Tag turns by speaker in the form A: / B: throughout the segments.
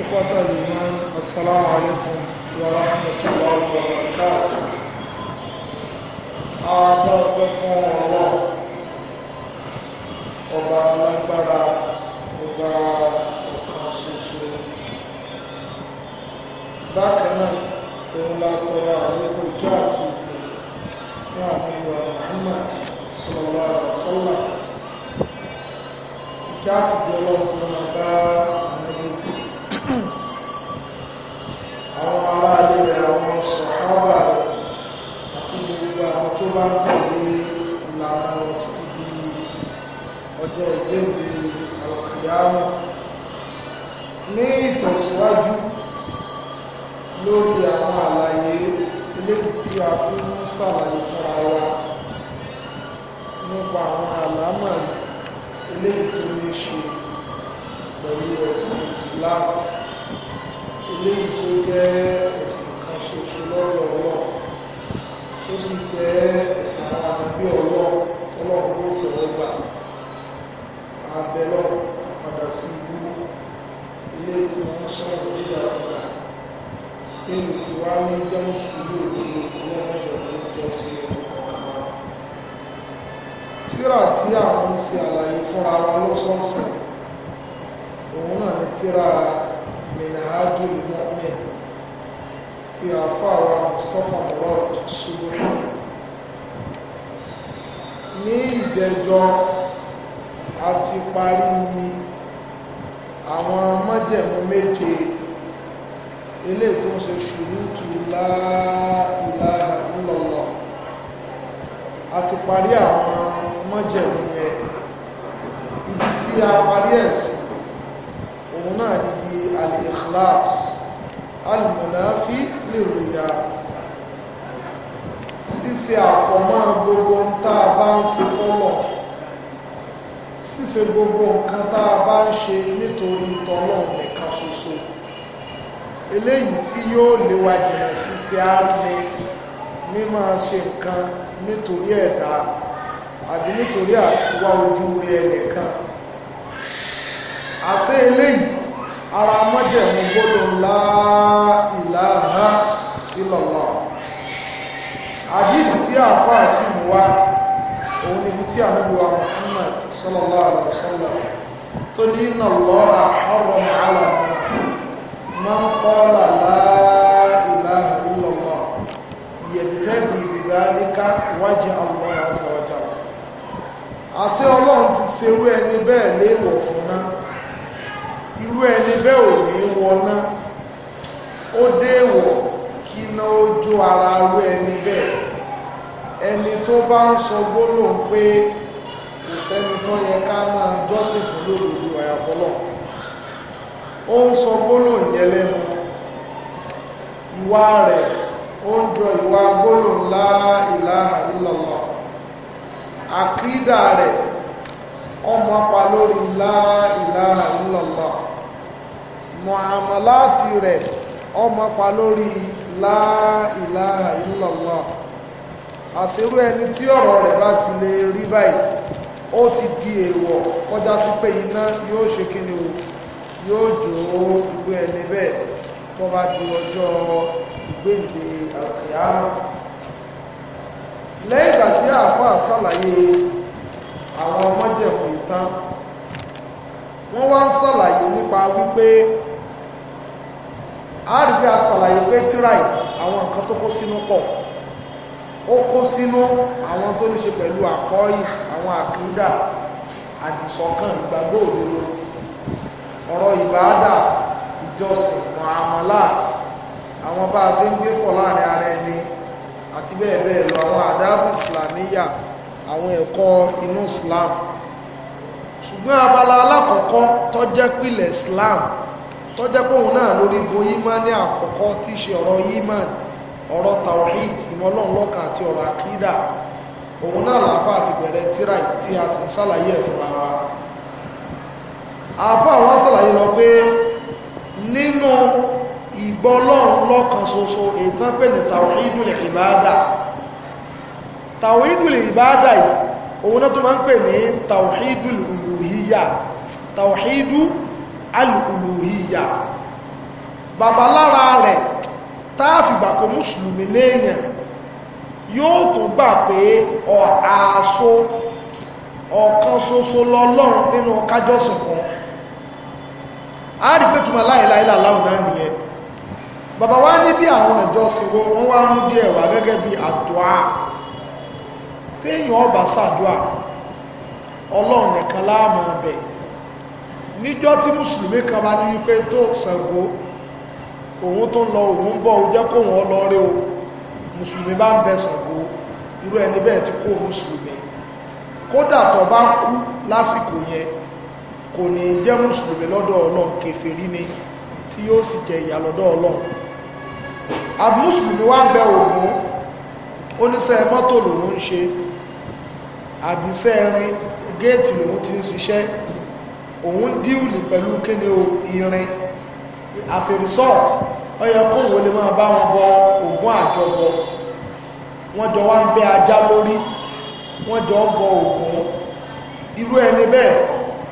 A: إخوة الإيمان السلام عليكم ورحمة الله وبركاته Adọ́gbẹ́ fún ọlọ́ ọba alágbára ọba ọ̀kan ṣoṣo. Bákan náà, òun la tọrọ àlékún ìké àti ìgbẹ̀ fún àdúgbò Muhammad sallallahu alaihi wasallam. àti ìgbẹ̀ ọlọ́run kan máa bá bá ń tẹ̀lé ìlànà wọn títí bí ọjọ́ ìgbéǹde àlùkìyámà ní ìtẹ̀síwájú lórí àwọn àlàyé eléyìí tí a fi ń ṣàlàyé fúnra wa nípa àwọn àlámọ̀rí eléyìí tó ní ṣe pẹ̀lú ẹ̀sìn Islam eléyìí tó jẹ́ ẹ̀sìn kan ṣoṣo lọ́dọ̀ Ọlọ́run ó sì jẹ́ ẹ̀sìn àwọn àbí ọlọ́run ọlọ́run ó tọ̀wọ́ gbà abẹ́lọ́ àpadà sí ibú ilé tí wọ́n sọ̀rọ̀ nígbàkúgbà kí ni òfin wá ní jẹ́mú sùúrù òdodo ọlọ́run ẹ̀dẹ̀ tó tọ́ sí ọkàn wa tíra tí àwọn ń ṣe àlàyé fúnra wa lọ́sọ̀ọ̀sẹ̀ òun náà ní tíra mìnàájú ìmọ̀ mẹ́rin ti àfáàwà Mustapha Murad Subuhi ní ìjẹjọ́ a ti parí àwọn mọ́jẹ̀mú méje ilé tó ń ṣe ṣùrútù la ilaha illallah a ti parí àwọn mọ́jẹ̀mú yẹn ibi tí a parí ẹ̀sìn òun náà níbi al-ikhlas alìmọ̀náfí lè rìyà ṣíṣe àfọ̀mọ́ gbogbo ń tá a bá ń ṣe fọ́lọ̀ ṣíṣe gbogbo nǹkan tá a bá ń ṣe nítorí tọ́lọ̀ nìkan ṣoṣo eléyìí tí yóò léwa jìnà ṣíṣe àárín mímọ ṣe nǹkan nítorí ẹ̀dá àbí nítorí àfiwá ojú rẹ̀ nìkan àṣẹ eléyìí ara mọ́jẹ̀mú gbọ́dọ̀ la ilaha illallah àdìbò tí àáfàá sì mú wá òun níbi tí àmọ́gbọ́wà Muhammad sallallahu alaihi wasallam tó ní inna Allaha harrama ala man qala la ilaha illallah yabtaghi bidhalika wajha Allah azza wa jalla àṣẹ ọlọ́run ti ṣerú ẹni bẹ́ẹ̀ léèwọ̀ fún náà irú ẹni bẹ́ẹ̀ ò ní wọná ó déèwọ̀ kí ná ó jó ara rú ẹni bẹ́ẹ̀ ẹni tó bá ń sọ gbólóhùn pé kò sẹ́ni tó yẹ ká máa jọ́sìn fún lódodo àyàfọ́lọ́ ó ń sọ gbólóhùn yẹn lẹ́nu ìwà rẹ̀ ó ń jọ ìwà gbólóhùn la ilaha illallah àkídà rẹ̀ ọmọ pa lórí la ilaha illallah muamalati rẹ̀ ọmọ pa lórí la ilaha illallah àṣírú ẹni tí ọ̀rọ̀ rẹ̀ bá ti lè rí báyìí ó ti di èèwọ̀ kọjá sí pé iná yóò ṣe kí ni o yóò jò ó ìgbé ẹni bẹ́ẹ̀ tó bá di ọjọ́ ìgbéǹde àkìyá lẹ́yìn ìgbà tí àáfàá ṣàlàyé àwọn mọ́jẹ̀mú ìtàn wọ́n wá ń sàlàyé nípa wípé àrígbé àtàlàyé pé tíráì àwọn nǹkan tó kó sínú pọ̀ ó kó sínú àwọn tó ní ṣe pẹ̀lú àkọ́yì àwọn àkídà àdìsọ́kàn ìgbàgbọ́ òdodo ọ̀rọ̀ ìbáadà ìjọsìn muamalat àwọn bá a ṣe ń gbé pọ̀ láàrin ara ẹni àti bẹ́ẹ̀ bẹ́ẹ̀ lọ àwọn àdábù ìsìlámíyà àwọn ẹ̀kọ́ inú Islam ṣùgbọ́n abala alákọ̀ọ́kọ́ tó jẹ́ pìlẹ̀ Islam tó jẹ́ pòun náà lórí igun imani àkọ́kọ́ tí í ṣe ọ̀rọ̀ iman ọ̀rọ̀ tawhid ìmọ̀lọ́nlọ́kan àti ọ̀rọ̀ akídà òun náà làáfà fi bẹ̀rẹ̀ tíra yìí tí a sì ṣàlàyé ẹ̀ fúnra wa àáfà wọn ṣàlàyé lọ pé nínú ìgbọ́lọ́run lọ́kan ṣoṣo ètò pẹ̀lú tawhidul ìbádà tàwídùl ìbádà yìí òun náà tó máa ń pè ní tàwídùl uluhiyya tàwídù alùlùhíyà babalára rẹ̀ táàfìgbà kó mùsùlùmí léèyàn yóò tún gbà pé ọ̀háàsó ọ̀kan ṣoṣo lọ́lọ́run nínú kájọ́sìn fún a rí pé túnmọ̀ láìláìlà láwọn náà nìyẹn bàbá wá ní bí àwọn ìjọsìn wo wọ́n wá mú díẹ̀ wá gẹ́gẹ́ bí àdúà téèyàn ọba ṣàdúà ọlọ́run nìkan láàmú ọbẹ̀ níjọ́ tí mùsùlùmí kan bá ní wípé tó Ṣàngó òun tó lọ òun bọ̀ ó jẹ́ kóhun ọlọ́rẹ́ o mùsùlùmí bá ń bẹ Ṣàngó irú ẹni bẹ́ẹ̀ tí kó mùsùlùmí kódà tó bá kú lásìkò yẹn kò ní jẹ́ mùsùlùmí lọ́dọ̀ ọlọ́run kèfèrí ni tí yóò sì jẹ ìyà lọ́dọ̀ ọlọ́run àbúmùsùlùmí wá ń bẹ Ògún oníṣẹ́ mọ́tò lòun ń ṣe àbísẹ́ irin géètì lòun ti ń ṣiṣẹ́ òun díùlì pẹ̀lú kíni o irin as a result ó yẹ kóun lè máa bá wọn bọ ògùn àjọbọ wọ́n jọ wá ń bẹ́ ajá lórí wọ́n jọ ń bọ ògùn irú ẹni bẹ́ẹ̀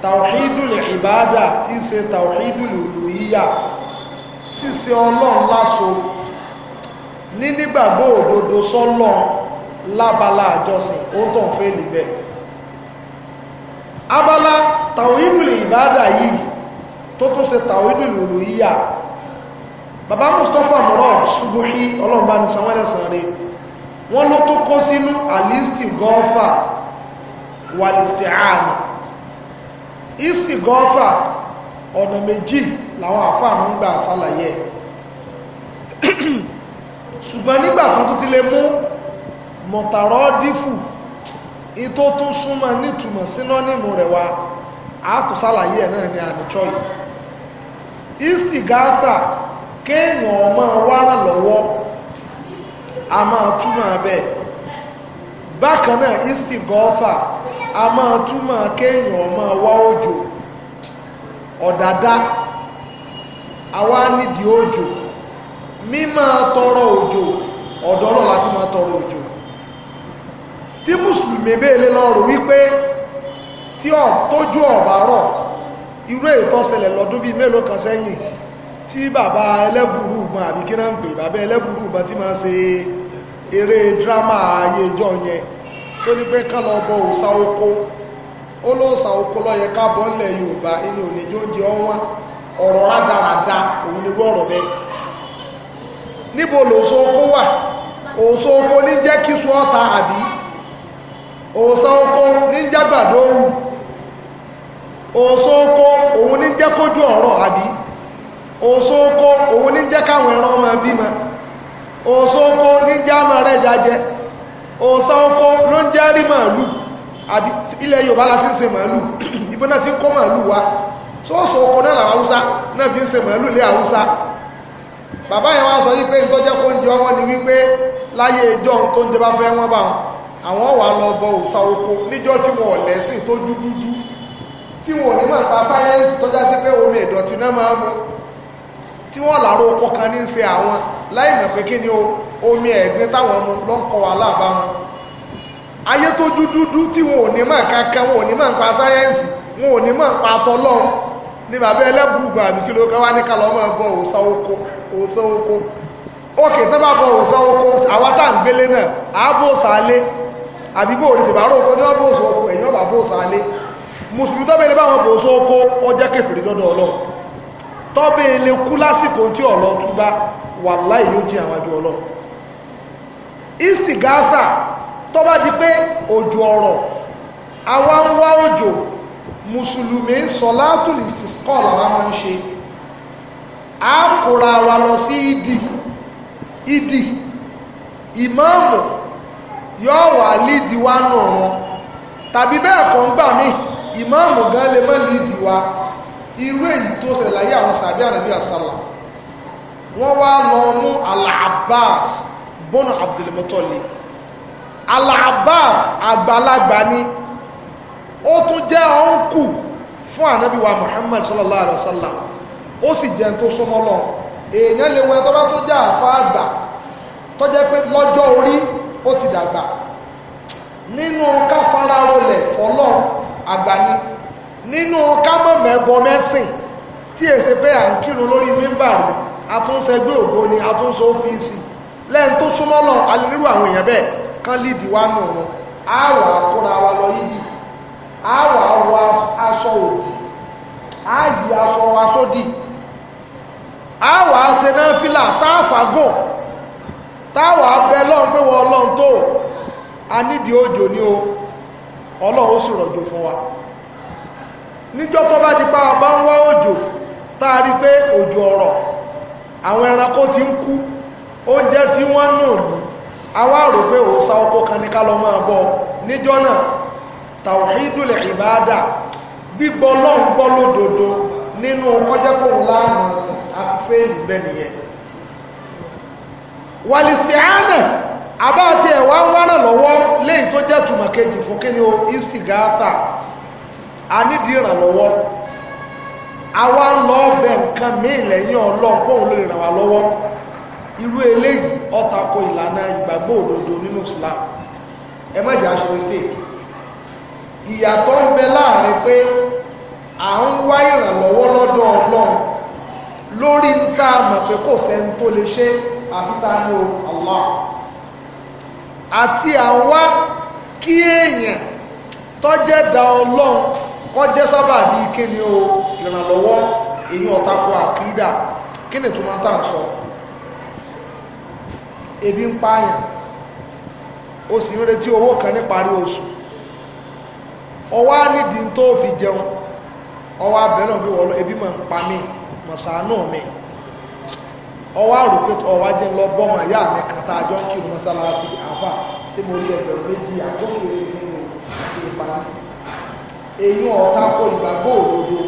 A: tàwíìdùlì ìbáàdà tí í ṣe tàwíìdùlì olùyíyà ṣíṣe ọlọ́run láṣo ní nígbàgbọ́ òdodo sọ́lọ́run lábala àjọsìn ó tàn fèèlì bẹ́ẹ̀ abala tàwídùlì ìbáàdà yìí tó tún ṣe tàwídùlì olùyíyà bàbá Mustapha Murad Subuhi ọlọ́mbà ní sanwó-ẹ̀sán rẹ̀ wọ́n ló tó kó sínú alisti gọ́ọ̀fà wàlìsì àmà isi gọ́ọ̀fà ọ̀nà méjì làwọn àfáà ń gbà ṣàlàyé ṣùgbọ́n nígbà kan tó ti lè mú mọ̀tàrọ́ dífù ìtó tún súnmọ́ nítumọ̀ sínọ́nìmù rẹ̀ wa àátò sálàyé ẹ̀ náà ni àníchọ́ yìí istigata kéèyàn ọmọ wára lọ́wọ́ a máa túmọ̀ bẹ́ẹ̀ bákan náà istigọ́fà a máa túmọ̀ kéèyàn ọmọ wá òjò ọ̀dàdá àwa nídìí òjò mímọ̀ tọrọ òjò ọ̀dọ́ ọlọ́lá tí máa tọrọ òjò tí mùsùlùmí béèlé lọ́rùn wípé tí ọ̀ tójú ọ̀bá rọ̀ irú ètò ṣẹlẹ̀ lọ́dún bíi mélòó kan sẹ́yìn tí bàbá ẹlẹ́bùrú ìgbọ̀n àbí kí náà ń pè bàbá ẹlẹ́bùrú ìgbọ̀n tí máa ṣe eré dírámà ayé ìjọ yẹn tó ní pé kán lọ bọ òòṣà oko ó lóòṣà oko lọ́yẹ káàbọ̀ ńlẹ̀ Yorùbá inú òníjó oúnjẹ ọ̀wọ́n ọ̀rọ̀ rádaràda òun ni wọ́ọ̀rọ̀ bẹ́ẹ̀ níbo lòṣó wà òṣó ní jẹ́ kí àbí òòsàn oko ní jágbàdo òru òòsàn oko òun ní jẹ́ kójú ọ̀rọ̀ àbí òòsàn oko òun ní jẹ́ káwọn ẹran ọmọ bímọ òòsàn oko ní jẹ́ àmọ́ rẹ̀ oko ló ń jẹ́ rí màálù àbí ilẹ̀ Yorùbá la ń màálù ibi náà ti kó màálù wa sóòsàn oko náà làwọn Haúsá fi ń màálù lé Haúsá bàbá yẹn wá sọ ìtọ́jẹ́ kó ń jẹ ọwọ́ ni wípé láyé ìjọ tó jẹ bá àwọn wà lọ bọ òsà oko tí wọ́n lẹsìn tó dúdúdú tí wọ́n ní máa pa pé omi ìdọ̀tí náà máa mú tí wọ́n làárọ̀ oko kan ní ṣe àwọn láì ni omi ẹ̀gbin táwọn mu ló ń kọ ayé tó dúdúdú wọn ò kankan wọn ò ní máa wọn ò ní máa pa ní bàbá kí bọ òsà oko àwa tá à ń gbélé náà àábò àbíbò òrìṣẹ̀bárò kó ní ọ̀bọ̀ òṣò ọkọ̀ ẹ̀yìn ọ̀bà bó sálé mùsùlùmí tọ́bẹ̀ ilé báwọn bò só kó ọjẹ́ kẹfìrí lọ́dọ̀ ọlọ́run tọ́bẹ̀ ilé kú lásìkò tí ọ̀lọ́ túbá wà láì yóò jẹ́ àwọn àjọ ọlọ́run ìsìgáàsà tọ́bá di pé òjò ọ̀rọ̀ àwa ń wá òjò mùsùlùmí sọ̀látùlì sísíkọ́ làwa máa ń ṣe á kóra wa lọ sí ìdì ìdì ìmáàmù yóò wà lídìí wá nù wọn tàbí bẹ́ẹ̀ kọ́ ń gbà mí ìmáàmù gan lè mọ́ lídìí wá irú èyí tó ṣẹlẹ̀ láyé àwọn sàbí àrẹ̀bí àsálà wọ́n wá lọ mú Al-Abbas bọ́nà Abdul Muttalib Al-Abbas àgbàlagbà ni ó tún jẹ́ ọ́nkù fún ànábì wa Muhammad sallallahu alaihi sallam. ó sì jẹun tó súnmọ́ lọ èèyàn lè wọn tó bá tó jẹ́ àfa tó jẹ́ pé lọ́jọ́ orí ó ti dàgbà nínú káfararolẹ̀ fọlọ́ àgbàní nínú kámọ̀mẹ́bọ mẹ́sìn tí èsè pé à ń kírun lórí mímbà mímbàrí àtúnṣẹgbẹ́ ògbó ni àtúnṣe opc lẹ́yìn tó súnmọ́ lọ alẹ́rú àwọn èèyàn bẹ́ẹ̀ kán líbi wá nù wọn àwọ̀ àkóra wa lọ yíbi á wọ aṣọ òdì yí aṣọ wa sódì á àṣẹ náà fìlà táàfà gùn táwà bẹ lọ́n pé wọ́n ọlọ́run tó a nídìí òjò ní o ọlọ́run sì rọ̀jò fún wa níjọ́ tó bá pa ọba ń wá òjò táa rí pé òjò ọ̀rọ̀ àwọn ẹranko ti ń kú oúnjẹ tí wọ́n nù lù àwa rò pé oko kan ní ká lọ máa bọ níjọ́ ibada gbígbọ́ lọ́n gbọ́ lódodo nínú kọjá pòun láàmú àti fẹ́ẹ̀lì walisiana aba ati ewa nwana lowo lehi to je tu maka eji o isi gata a nidi awa a wa n lo be nkan meele yi o lo poon lo iru ele o tako ilana igbagbo ododo ominu si eme iji asiri si iyato n laare pe a n wa iranlowo lodo blon lori nta ma pe ko se n to le àfitánú Allah àti àwa kí èèyàn tọ́jẹ́ da ọlọ́run kọjẹ́ sábà bíi kíni o ìrànlọ́wọ́ èyí ọ̀tako àkídà kíni tó máa tà ń sọ ebi ń pààyàn o sì ń retí owó kan níparí oṣù ọwọ́ á nídìí tó fi jẹun ọwọ́ abẹ́rẹ́ òfin ebi máa ń pa mí mọ̀sánú mi. mi ọwọ́ àròpé ọwọ́ ajé ń lọ bọ́mọ ìyá mi kàtà àjọ kí n mọ́sálásí àfà sí mo rí ẹgbẹ̀rún méjì èyí ọ̀tá kó ìgbàgbọ́ òdodo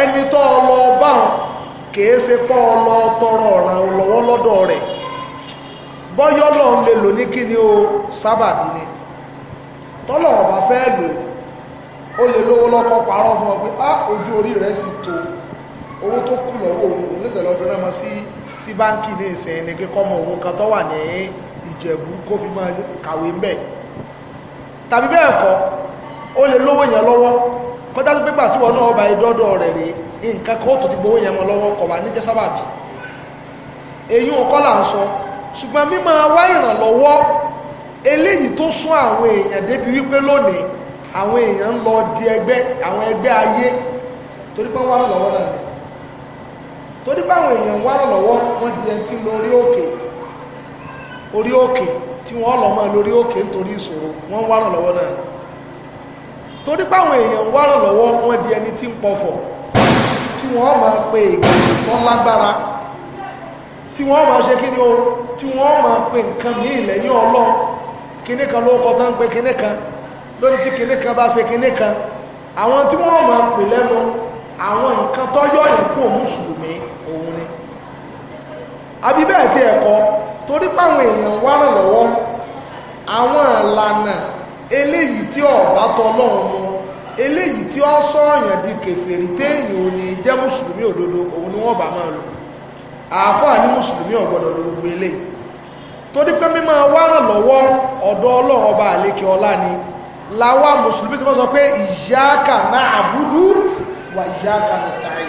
A: ẹni tó ọlọ tọrọ lọ ń lè lò o sábàbí ni lò ó lè lówó fún ọ pé ojú orí sì tó tẹ̀sẹ̀ lọ fi rán ọmọ sí sí báńkì ní ìsìn ní kíkọ́ ọmọ òun kan tó wà ní ìjẹ̀bú kó fi máa kàwé ń bẹ̀ tàbí bẹ́ẹ̀ kọ́ ó lè lówó yẹn lọ́wọ́ kọjá sí pípa tí wọn náà ọba ìdọ́dọ̀ rẹ̀ rèé nǹkan kan ó tó ti gbowó yẹn mọ́ lọ́wọ́ kọ̀ wá níjẹ́ sábàbí èyí ò kọ́ là ń sọ ṣùgbọ́n mímọ wá ìrànlọ́wọ́ eléyìí tó sún àwọn èèyàn débi wípé lónìí àwọn èèyàn ń lọ di ẹgbẹ́ àwọn ẹgbẹ́ ayé torí pé wọ́n wá lọ́wọ́ náà ni torí báwọn èèyàn wá lọ́wọ́ wọ́n di ẹni tí ń orí òkè orí òkè tí wọ́n lọ mọ́ lórí òkè nítorí ìṣòro wọ́n wá lọ́wọ́ náà torí báwọn èèyàn wá lọ́wọ́ wọ́n di ẹni tí ń pọ̀fọ̀ tí wọ́n máa pe ìgbàlè tó lágbára tí wọ́n máa ṣe kí ni o tí wọ́n máa pe nǹkan ní ìlẹ́yìn ọlọ́run kíní kan ló kọ́ tán pé kíní kan lórí tí kíní kan bá ṣe kíní kan àwọn tí wọ́n máa pè lẹ́nu àwọn nǹkan tó yọ̀yìn kú òmùsùlùmí àbí bẹ́ẹ̀ tí ẹ̀kọ́ torí páwọn èèyàn wá ràn lọ́wọ́ àwọn ìlànà eléyìí tí ọ̀bá tọlọ́run mu eléyìí tí ó sọ̀yàn di kèfèrí téèyàn ò ní jẹ́ mùsùlùmí òdodo òun ni wọ́n bá máa lò àáfàá ní mùsùlùmí ò gbọ́dọ̀ lọ gbogbo eléyìí torí pé mímọ́ wá ràn lọ́wọ́ ọ̀dọ̀ ọlọ́run ọba àlékè ọlá ni làwa mùsùlùmí ti máa sọ pé ìyáàkà náà àbúdú wà ìyáàkà nìsàáyì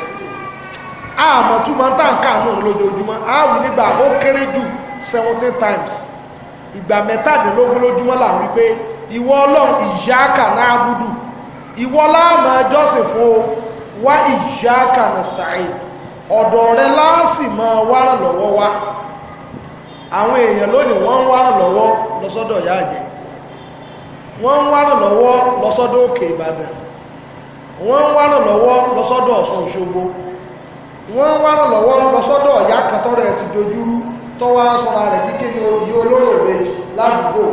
A: àmọ́ túmọ̀ nke à ń lójoojúmọ́ àwìn nígbà ó kéré jù 17 times ìgbà mẹ́tàdínlógún lójúmọ́ là ń wí pé ìwọ ọlọ́run náà búdù ìwọ láàmú ẹjọ́sìn fún o wá ìyáàkà nasta'in ọ̀dọ̀ rẹ láàsì máa lọ́wọ́ wá àwọn èèyàn lónìí wọ́n ń lọ́wọ́ lọ́sọ́dọ̀ ìyá àjẹ́ wọ́n ń lọ́wọ́ lọ́sọ́dọ̀ òkè ìbàdàn wọ́n ń lọ́wọ́ lọ́sọ́dọ̀ wọ́n wá ràn lọ́wọ́ lọ sọ́dọ̀ ọ̀yá kan tọ́rọ ẹ̀ ti dojúrú tọ́wọ́ sọ́ra rẹ̀ bí kí ni òyìn olóró méjì ládùúgbò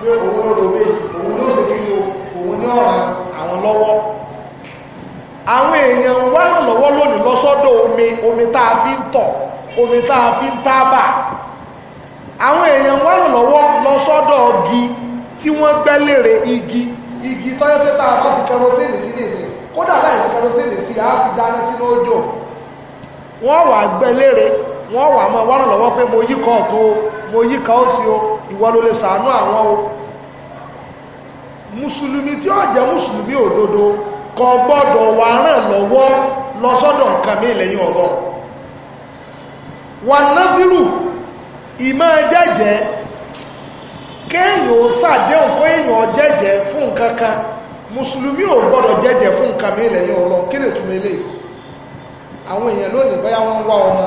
A: pé òun olóró méjì òun ló ṣe kí ni òun ní ọ̀ràn àwọn lọ́wọ́ àwọn èèyàn wá ràn lọ́wọ́ lónìí lọ omi omi tá a fi ń tọ̀ omi tá a fi ń tábà àwọn èèyàn wá lọ́wọ́ lọ sọ́dọ̀ igi tí wọ́n gbẹ́lẹ̀rẹ̀ igi igi tọ́jọ́ pé tá a bá fi kẹrosínì sí nìsín kódà láì fi kẹrosínì sí a fi dáná tí ló jò wọ́n wà gbẹ́ lére wọ́n wà mọ́ wọ́n lọ́wọ́ pé mo yí kọ́ ọ̀tún mo yí kọ́ òsì o ìwọ ló lè sàánú àwọn o mùsùlùmí tí ó jẹ́ mùsùlùmí òdodo kọ́ gbọ́dọ̀ wà ràn lọ́wọ́ lọ sọ́dọ̀ nǹkan mi lẹ́yìn ọlọ́run wà náfírù ìmọ̀ jẹ́jẹ́ kéèyàn ó sàdéhùn kéèyàn èèyàn jẹ́jẹ́ fún nǹkan kan mùsùlùmí ò gbọ́dọ̀ jẹ́jẹ́ fún nǹkan mi lẹ́yìn ọlọ́run kí lè túnmọ̀ eléyìí àwọn èèyàn lónìí bóyá wọ́n ń wá ọmọ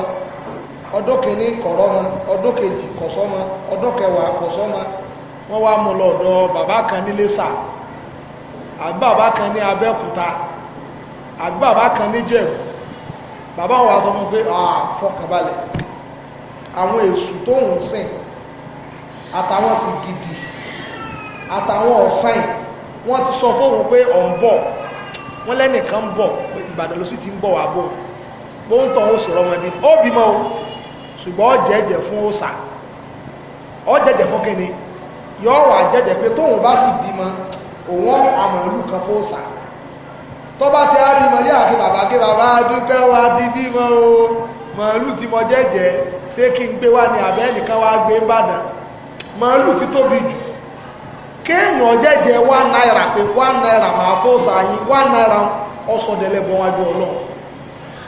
A: ọdún kìíní kọ̀rọ̀ mọ ọdún kejì kọ̀sọ́ mọ ọdún kẹwàá kọ̀sọ́ mọ wọ́n wá mú lọ ọ̀dọ̀ bàbá kan ní Iléṣà àbí bàbá kan ní Abẹ́òkúta àbí bàbá kan ní Jẹ̀bú bàbá wa tọ́ mọ́ pé àfọkànbalẹ̀ àwọn èṣù tó ń sìn àtàwọn sì gidi àtàwọn ọ̀sán wọ́n ti sọ fóun pé ọ̀ ń bọ̀ wọ́n lẹ́nìkan ń bọ̀ Ìbàdàn ló sì ti ń bọ̀ wá bóun bó ń tọ̀ ó sọ̀rọ̀ ó bímọ o ṣùgbọ́n ó jẹ́jẹ̀ fún òòṣà ó jẹ́jẹ̀ fún kíni yọ wà jẹ́jẹ̀ pé tóun bá sì bímọ òun kan fún tó bá ti á bímọ àti bàbá kí bàbá dúpẹ́ ti bímọ o màálù mo ṣé kí n gbé wá ní abẹ́ nìkan wá gbé màálù ti tóbi jù kéèyàn jẹ́jẹ́ naira pé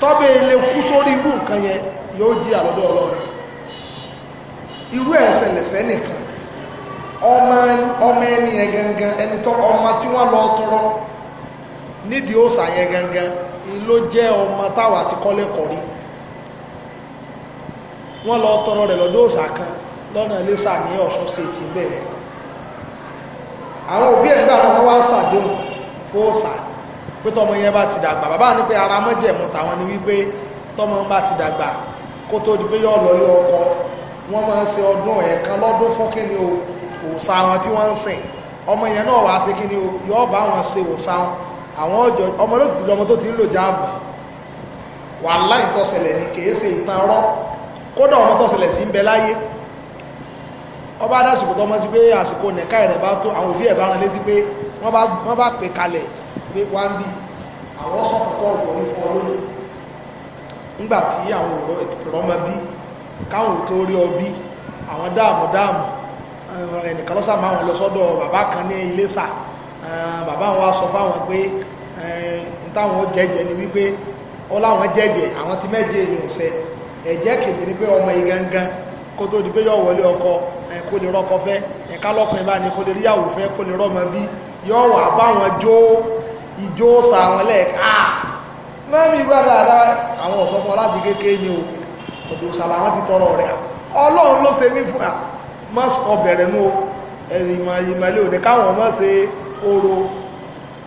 A: tọ́bẹ̀ ilé kú sórí irú nǹkan yẹn yóò jí àlọ́dọ̀ ọlọ́run irú ẹ̀ Ọma nìkan ọmọ ẹni yẹn gangan ẹni tọ́ ọmọ tí wọ́n lọ tọrọ nídìí òòsà yẹn gangan ló jẹ́ ọmọ táwa ti kọ́lé kọ̀rí wọ́n lọ tọrọ rẹ̀ lọ́dọ̀ òòsà kan lọ́nà ní bẹ́ẹ̀ àwọn òbí ẹ̀ ń pé tọmọ yẹn bá ti dàgbà bàbá ní pé ara mọ́jẹ̀mú tàwọn ni wípé tọmọ bá ti dàgbà kó tó di pé yọ lọ yọ ọkọ wọ́n máa ń ṣe ọdún ẹ̀ẹ̀kan lọ́dún fún kíni o òòṣà wọn tí wọ́n ń sìn ọmọ yẹn náà wàá ṣe kíni o yọ ọba wọn ṣe òòṣà wọn àwọn ọjọ ọmọ ló sì lọ ọmọ tó ti ń lò jáàbù wàhálà ìtọ́sẹ̀lẹ̀ ni kì í ṣe ìtàn ọ̀rọ̀ kódà ọmọ tọ́sẹ̀lẹ̀ sí ń bẹ láyé ọba adásìkò tọmọ sí pé àsìkò nẹ̀ka ẹ̀rẹ̀ bá tó àwọn òbí ẹ̀ bá rán létí pé wọ́n bá pè kalẹ̀ pé wọ́n bí àwọn sọ̀pọ̀tọ̀ ìwọ̀rí fún ọlọ́yìn nígbàtí àwọn ọ̀rọ̀ ìtìrọmọ bí káwọn tó rí ọbí àwọn dáàmù dáàmù eh, ẹnìkan lọ́sà máa wọn lọ Baba bàbá kan ní Iléṣà eh, bàbá wọn sọ fáwọn pé eh, ni wípé ó láwọn jẹ́jẹ́ àwọn ti méje èèyàn ṣẹ ẹ̀jẹ́ ni pé ọmọ igangan kó tó di pé yọ wọlé ọkọ kó lè rọkọ bá ní kó lè ríyàwó kó lè ìjó sa àwọn ẹlẹ́ẹ̀ka ah mẹ́rin ìgbà dáadáa àwọn ọ̀sọ́mọ láti kékeré ni o ọ̀dọ̀ sàlà wọn ti tọrọ rẹ̀ ọlọ́run ló ṣe mí fún à mọ́sù ọbẹ̀rẹ̀ nú o ìmọ̀ ìmọ̀lẹ́ òní káwọn ọmọ ṣe oró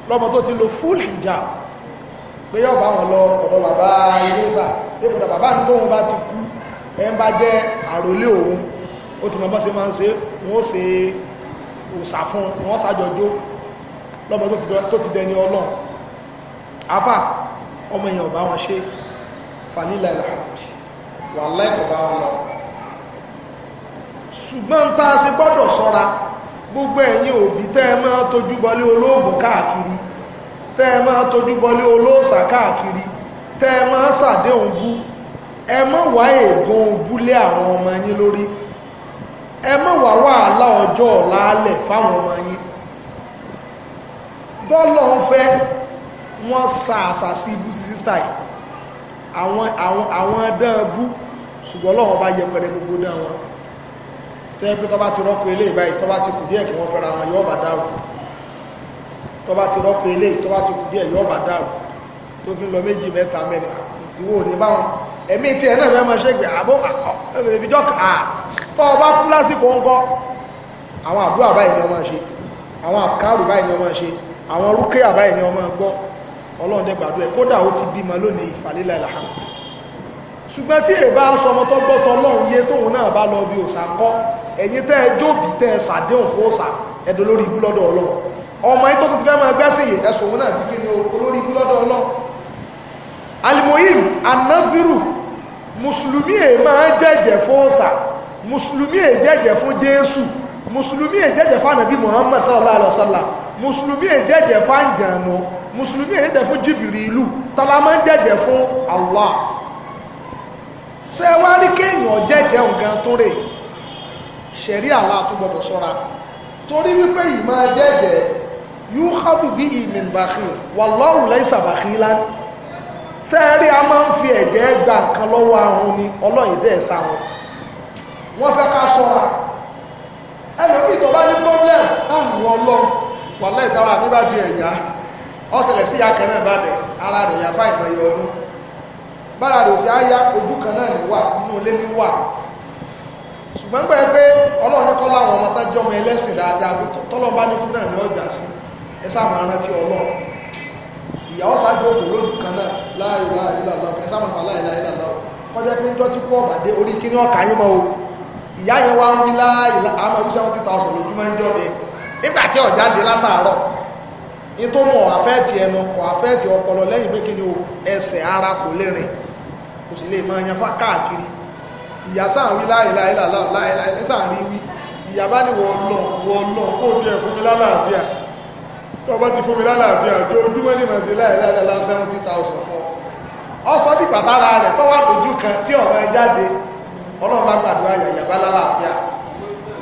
A: lọ́mọ tó ti lo full hijab pé yọ́ bá wọn lọ ọ̀dọ̀ bàbá ilé sà dépòdà bàbá ń tóun bá ti kú ẹ ń bá jẹ́ àròlé òun ó ti mọ bọ́ ṣe máa ń ṣe wọ́n ṣe òòsà fún wọn ṣàjọjó lọ́mọ tó ti dẹni ọlọ́run afá ọmọ èèyàn ọba wọn ṣe fanilẹ̀ làbí wà lẹ́kọ̀ọ́ bá wọn lọ ṣùgbọ́n tá a ṣe gbọ́dọ̀ sọ́ra gbogbo ẹ̀yin òbí tẹ́ ẹ máa tójú bọlé olóògùn káàkiri tẹ́ ẹ máa tójú bọlé olóòsà káàkiri tẹ́ ẹ máa ṣàdéhùn bú ẹ má wá ègún búlé àwọn ọmọ yín lórí ẹ má wá wàhálà ọjọ́ ọ̀la alẹ̀ fáwọn ọmọ yín bọ́ọ̀lọ́ ń fẹ́ wọ́n sa àṣà sí ibú sí sísá yìí àwọn àwọn àwọn dán bú ṣùgbọ́n lọ́wọ́ bá yẹ pẹ̀lẹ́ gbogbo dán wọn tẹ́ pé tọ́ba ti rọ́pò eléyìí báyìí tọ́ba ti kù díẹ̀ kí wọ́n fẹ́ra wọn yóò bá dárò tọ́ba ti rọ́pò eléyìí tọ́ba ti kù díẹ̀ yóò bá dárò tó fi lọ méjì mẹ́ta mẹ́rin ah, ìwọ ò ní báwọn ẹ̀mí tí ẹ̀ náà fẹ́ máa ṣe gbé àbó ìfijọ́ kà á tọ́ ọba kú lásìkò ńkọ́ àwọn àdúrà báyìí ni wọ́n máa ṣe àwọn àsìkárù báyìí ni àwọn rúkẹ́ àbáyé ni ọmọ gbọ́ ọlọ́run dẹ́ gbàdúrà kódà ó ti bímọ lónìí ìfàlélà ìlàhàmù ṣùgbọ́n tí èbá sọmọ tó gbọ́tọ̀ yé tóun náà bá lọ bí òsà kọ́ ẹ̀yin tẹ́ jóòbí tẹ́ sàdéhùn fún òsà lórí ibú lọ́dọ̀ ọlọ́run ọmọ yìí tó ti fẹ́ máa gbẹ́sìn yìí ẹ̀sùn òun náà kíkí ni olórí ibú lọ́dọ̀ ọlọ́run alimoyim anafiru mùsùlùmí ẹ̀ máa jẹ́jẹ́ fún mùsùlùmí ẹ̀ jẹ́jẹ́ fún jésù mùsùlùmí ẹ̀ jẹ́jẹ́ fún ànàbí muhammad sallallahu alayhi wa sallam mùsùlùmí è jẹ́jẹ́ fún àǹjànú mùsùlùmí è jẹ́jẹ́ fún jìbìrì ìlú tọ́lá máa ń fún Allah ṣé wá rí kéèyàn jẹ́jẹ́ nǹkan tó rè ṣẹ̀rí àlá tó gbọdọ̀ sọ́ra torí wípé yìí máa jẹ́jẹ́ yóò hábù bí ìmìn bàkì wallahu laysa bakhilan sẹ́ẹ̀rí a máa ń fi ẹ̀jẹ̀ gba nǹkan lọ́wọ́ ahun ni ọlọ́yìn dẹ̀ sá wọn wọ́n fẹ́ ká sọ́ra ẹlòmíì tó bá ní problem láàrin ọlọ́run wàlẹ́ ìtara mi bá ti ẹ̀yà ọ̀sẹ̀lẹ̀ sí akẹ́ náà bá dẹ̀ ara rẹ̀ yà fáìmọ̀ ọdún bára rẹ̀ sí àyà ojú kan náà ní wà inú ilé ní wà ṣùgbọ́n gbẹ́ pé ọlọ́run ní kọ́ láwọn ọmọ jọmọ ẹlẹ́sìn dáadáa tọ́lọ́ bá náà ní ọjà sí ẹ sáàmù arántí ọlọ́run ìyàwó ṣáájú òkú lójú kan náà ẹ sáàmù kọjá pé kú orí kíní ọ̀kà yín mọ́ o ìyá yẹn wá ń nígbà tí ọ̀já dé látàárọ̀ ní tó mọ̀ ẹnu kọ̀ àfẹ́ẹ̀tì ọpọlọ lẹ́yìn pé kí ni o ẹsẹ̀ ara kò lè rìn kò sì lè máa yan fá káàkiri ìyá sáà wí láìláì láìláì sáà rí wí ìyá bá ní wọ́n lọ wọ́n lọ kó o tiẹ̀ fún mi lálàáfíà tó bá ti fún mi lálàáfíà ojú ojúmọ́ ní màá sí láìláì láìláì seventy thousand four. ọ sọ dìgbà tára rẹ̀ tọ́wọ́ àtòjú kan tí ọ̀rọ̀ ẹ jáde ọlọ́run bá gbàdúrà yàyà bá lálàáfíà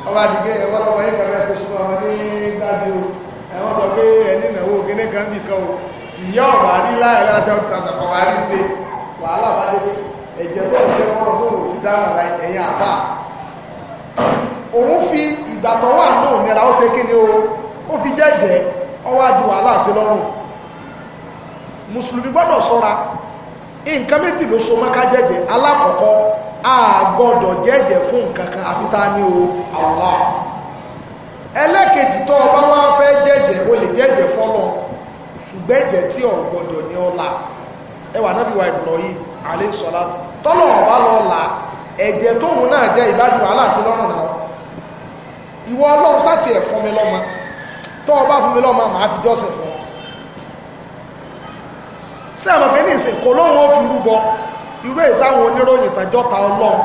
A: ọba àdìgẹ́ ẹ̀wọ́n lọ́wọ́ yẹ́ kẹfẹ́ ṣe ṣùgbọ́n wọn ní gbábi o ẹ̀wọ́n sọ pé ẹni ìnáwó kíní kan bì kan o ìyá ọ̀bà rí láyé láti ọdún tàṣà ọ̀bà rí ṣe wàhálà bá dé pé ẹ̀jẹ̀ tó ṣe wọ́n sóòrò ti dára láì ẹ̀yìn àfà òun fi ìgbà tó wà náà nira ó ṣe kíni o ó fi jẹ́jẹ́ ọwọ́ àjù wàhálà sí lọ́rùn mùsùlùmí gbọ́dọ̀ ṣọ́ra nǹkan méjì ló so mọ́ ká jẹ́jẹ́ alákọ̀ọ́kọ́ a gbọ́dọ̀ fún nǹkan kan ni o Allah ọba wá fẹ́ o lè jẹ́jẹ́ fọ́lọ́ ṣùgbọ́n ẹ̀jẹ̀ tí ò ní ọ̀la ẹwà náà bí wà Ibrahim alayhi tọ́lọ̀ ọba lọ́la ẹ̀jẹ̀ tóun náà jẹ́ ìbádùn aláàsí lọ́rùn náà ìwọ ọlọ́run sáti ẹ̀ fún mi lọ́mọ tó ọba fún mi lọ́mọ màá fi jọ́sẹ̀ fún ọ sí àmọ̀ pé ní ìsìn kò lóun fi rúbọ irú èyí táwọn oníròyìn tàjọ́ ta ọlọ́run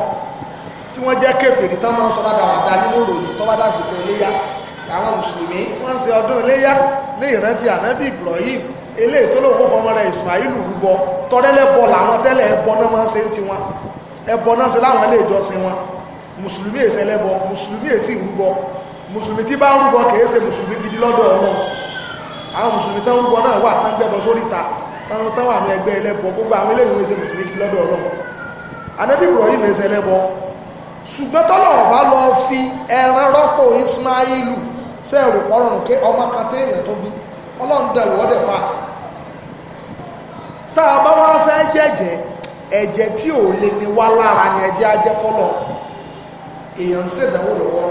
A: tí wọ́n jẹ́ kèfèrí tán máa ń sọ dáadáa nínú ìròyìn tó bá dásìkò iléyà àwọn mùsùlùmí wọ́n ń ṣe ọdún iléyà ní ìrántí ànábì Ibrahim eléyìí tó lóun fọmọ rẹ̀ Ismail rúbọ tọ́rẹ́lẹ́bọ làwọn tẹ́lẹ̀ ẹbọ náà máa ń ṣe ti wọn ẹbọ náà ṣe láwọn ilé ìjọsìn wọn mùsùlùmí èsì ẹlẹ́bọ mùsùlùmí èsì ìrúbọ mùsùlùmí tí bá ń rúbọ kìí ṣe mùsùlùmí gidi lọ́dọ̀ Ọlọ́run àwọn mùsùlùmí tán rúbọ náà wà tán gbẹbọ sóríta àwọn táwọn àwọn ẹgbẹ́ ẹlẹ́bọ gbogbo àwọn eléyìí wọ́n ṣe mùsùlùmí lọ́dọ̀ ọlọ́run anábì Ibrahim ṣe ẹlẹ́bọ ṣùgbọ́n tọ́lọ̀ ọ̀bá lọ fi ẹran rọ́pò Ismailu sẹ́ẹ̀rù ọ̀rùn ké ọmọ kan téèyàn tó bí ọlọ́run dẹ̀rù ọdẹ pass tá a bá wá fẹ́ jẹ́jẹ́ ẹ̀jẹ̀ tí ò lè ní wá lára ni ẹ̀jẹ̀ ajẹ́ fọ́lọ̀ èèyàn ń ṣèdánwò lọ́wọ́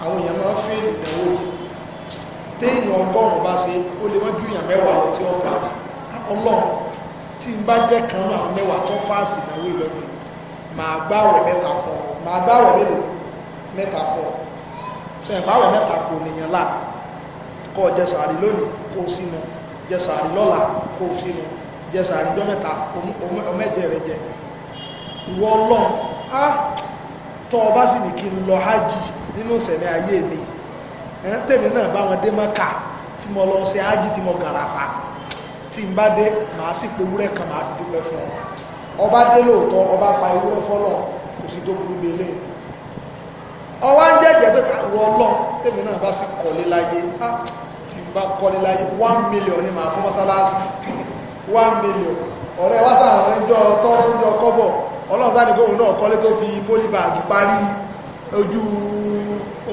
A: á téèyàn ọgọ́rùn-ún bá ṣe ó lè wọ́n ju èèyàn mẹ́wàá lọ tí ó pass ọlọ́run tí n bá jẹ́ kan náà mẹ́wàá tó pass ìnáwó ìlọ́gbìn màá gbààwẹ̀ mẹ́ta fún ọ màá gbààwẹ̀ mélòó mẹ́ta fún ọ sọ ìgbààwẹ̀ mẹ́ta kò nìyàn là kó o jẹ sàárì lónìí kó o sínú jẹ sàárì lọ́la kó o sínú jẹ sàárì jọ mẹ́ta ọmẹ́jẹ rẹ jẹ ìwọ ọlọ́run á tọ́ ọ bá sì ní kí n lọ hájì nínú ìṣẹ̀mí ayé mi ẹ̀ tèmi náà bá wọn dé mọ́kà tí mo lọ ṣe tí mo gàràfà tí n bá dé màá sì pé wúrẹ́ kan màá fi fún ọ ọba dé lóòótọ́ ọba pa ewúrẹ́ fọ́lọ̀ kò sí tó burú bí eléyìí ń jẹ́jẹ́ pé àwọn ọlọ́run náà bá sì láyé tí n bá láyé one ni màá fún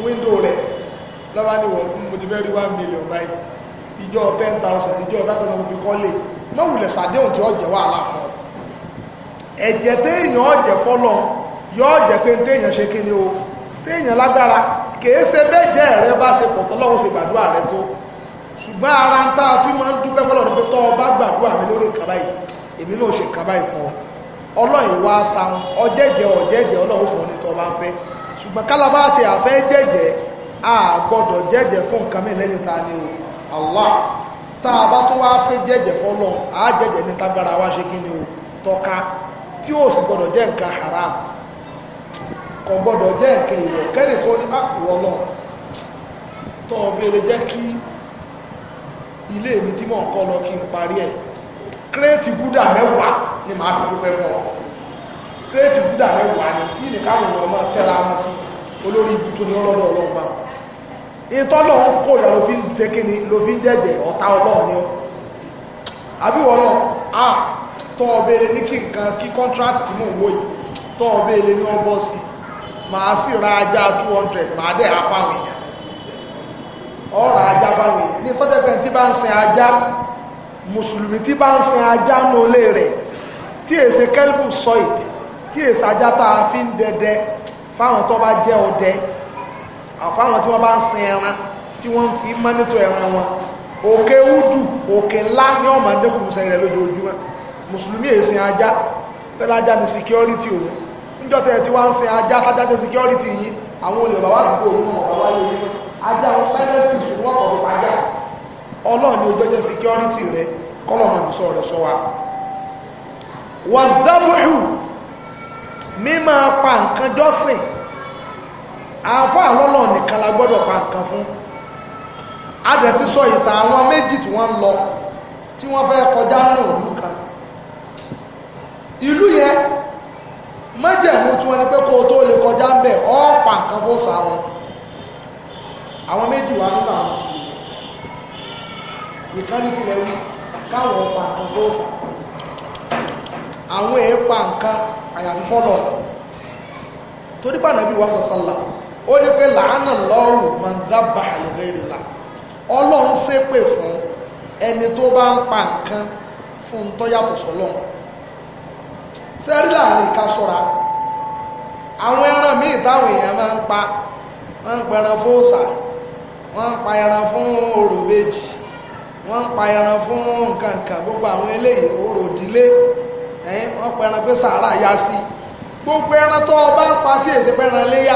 A: one lọ́wọ́ ní wọ́n mo ti fẹ́ rí one million báyìí ìjọ ten thousand ìjọ five thousand mo fi kọ́lé mọ́ wulẹ̀ sàdéhùn tí ọ̀jẹ̀ wà láfọ́ ẹ̀jẹ̀ téèyàn ọ̀jẹ̀ fọ́lọ́ yọ ọ̀jẹ̀ pé téèyàn ṣe kíni o téèyàn lágbára kìí ṣe bẹ́ẹ̀jẹ̀ rẹ bá ṣe pọ̀ tọ́lọ́hún ṣe gbàdúrà rẹ tó ṣùgbọ́n ara ń tá a fi máa ń dúpẹ́ fọlọ́ ní pé tọ́ ọ bá gbàdúrà mi lórí kaba yìí èmi náà ṣe kaba yìí fún ọ ọlọ́yìn wá sàrùn ọjẹ́jẹ́ ọjẹ́jẹ́ ọlọ́run fún ọ ní tọ́ ọ bá ń fẹ́ ṣùgbọ́n kálábá ti àfẹ́ jẹ́jẹ́ a gbọdọ jẹjẹ fún nǹkan mìíràn ta ni o Allah tá a bá tó wá a jẹjẹ ní tagbara wa ṣe kí ni o tọka, tí o sì gbọdọ jẹ nǹkan haram kò gbọdọ jẹ nǹkan ìwọ̀ kẹ́nìkan ní àkùrọ̀lọ́ tó o béèrè jẹ́ kí ilé mi tí mò lọ kí n parí kreeti kírètì ni màá fi fún ọ kírètì ni tí nìkan wọn sí olórí ọlọ́dọ̀ ìtọ́lọ̀ ń kò rẹ̀ ló fi ń ṣe kí ni ló fi ń jẹ́jẹ̀ ọ̀tá ọlọ́run ni ó àbíwọ̀ lọ à tọ́ ọbẹ̀ ilé ní kí nǹkan kí contract tí mò ń wò yìí tọ́ ọbẹ̀ ilé ní wọ́n bọ́ sí màá sì ra ajá 200 màá dẹ̀ afáwọn èèyàn ọ̀rọ̀ ajá fáwọn èèyàn ní tọ́jẹ́pẹ́ tí bá ń sin ajá mùsùlùmí tí bá ń sin ajá ní olé rẹ̀ tí èsè kẹ́lbù sọ ìdí tí èsè ajá tá a fi ń dẹdẹ fáwọn tó bá jẹ́ ọdẹ àfáwọn tí wọ́n bá ń sin ẹran tí wọ́n fi mọ́nítọ̀ ẹran wọn òkè údù òkè ńlá ní ọmọ ẹdẹkùn sẹ́yìn rẹ̀ lójoojúmọ́ mùsùlùmí èsìn ajá pẹ́lú ajá ní security òun níjọ́tẹ̀ tí wọ́n ń sin ajá kájá tó security yìí àwọn olè bàbá àdúgbò òun ọ̀rọ̀ wáyé yìí ajá òun silent peace wọ́n kọ̀ nípa ọlọ́run ni ojú ọjọ́ security rẹ̀ kọ́lọ̀mù ìsọ rẹ̀ sọ wa wà dábùhù mímọ́ pa nǹkan jọ́sìn afọ alọlọ nìkan la pa nǹkan fún adẹ̀ sọ ìta àwọn méjì tí wọ́n lọ tí wọ́n fẹ́ kọjá náà kan ìlú yẹn májẹ̀mú tí wọ́n ní pé kó o tó lè kọjá ń pa nǹkan fún sa wọn àwọn méjì wà nínú àwọn kílẹ̀ wí pa nǹkan fún sa àwọn èèpa nǹkan àyàfi torí pàdánù bí wàá sọ ó ní pé làánà lọ́rù mọ̀ndábà àlèrèrèlà ọlọ́run ṣépè fún ẹni tó bá ń pa nǹkan fún tó yàtọ̀ sọlọ́run sẹ́rí láàrin ká sọ́ra àwọn ẹran míì táwọn èèyàn máa ń pa wọ́n ń pa ẹran fún òòsà wọ́n ń pa ẹran fún òròbejì wọ́n ń pa ẹran fún nǹkan gbogbo àwọn eléyìí òròdílé wọ́n pa ẹran pé sàárà yá sí gbogbo ẹran tó o ń pa tí èsì pẹ́ran léyà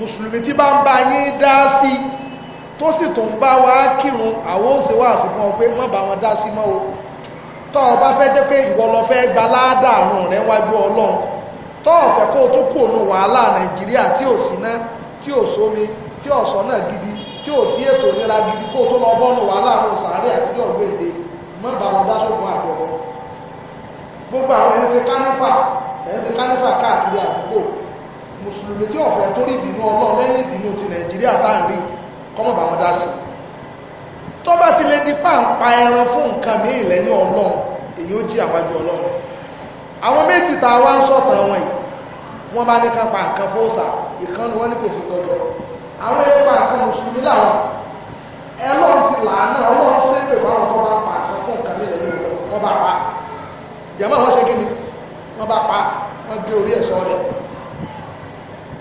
A: mùsùlùmí tí bá ń bá yín dá sí tó sì tó ń bá wa kírun àwọn òsè wà sí fún ọ pé má bá wọn dá sí mọ́ o tó o bá fẹ́ jẹ́ pé ìwọ lọ fẹ́ gba ládà rẹ wájú ọlọ́run tó o fẹ́ kó o tó kú òun wàhálà nàìjíríà tí ò sí náà tí ò sómi tí ò sọ́nà gidi tí ò sí ètò ìlera gidi kó o tó lọ bọ́ọ̀nù wàhálà àrùn sàárẹ̀ àtijọ́ gbèdé má bá wọn dá sóògùn àgbẹ̀bọ gbogbo àwọn ẹ̀ ń ṣe kánífà ẹ̀ ń ṣe kánífà káàkiri àdúgbò mùsùlùmí tí ọ̀fẹ́ tó rí ìbínú ọlọ́run lẹ́yìn ìbínú ti nàìjíríà bá ń rí kọ́mọ̀ bá wọn dá sí tó bá ti lè di páńpá ẹran fún nǹkan ní ìlẹ́yìn ọlọ́run èyí ó jí àwájú ọlọ́run àwọn méjì tá a wá ń sọ̀tàn wọn yìí wọ́n bá ní ká pa nǹkan fóòsà ìkànnì wọn ní kò fi tọ́jọ́ àwọn ẹ̀pà nǹkan mùsùlùmí làwọn ẹlọ́run ti làánà ọlọ́run ṣépè fáwọn tó bá pa nǹkan fún nǹkan ní ìlẹ́yìn ọlọ́run wọ́n bá pa jẹ̀mọ́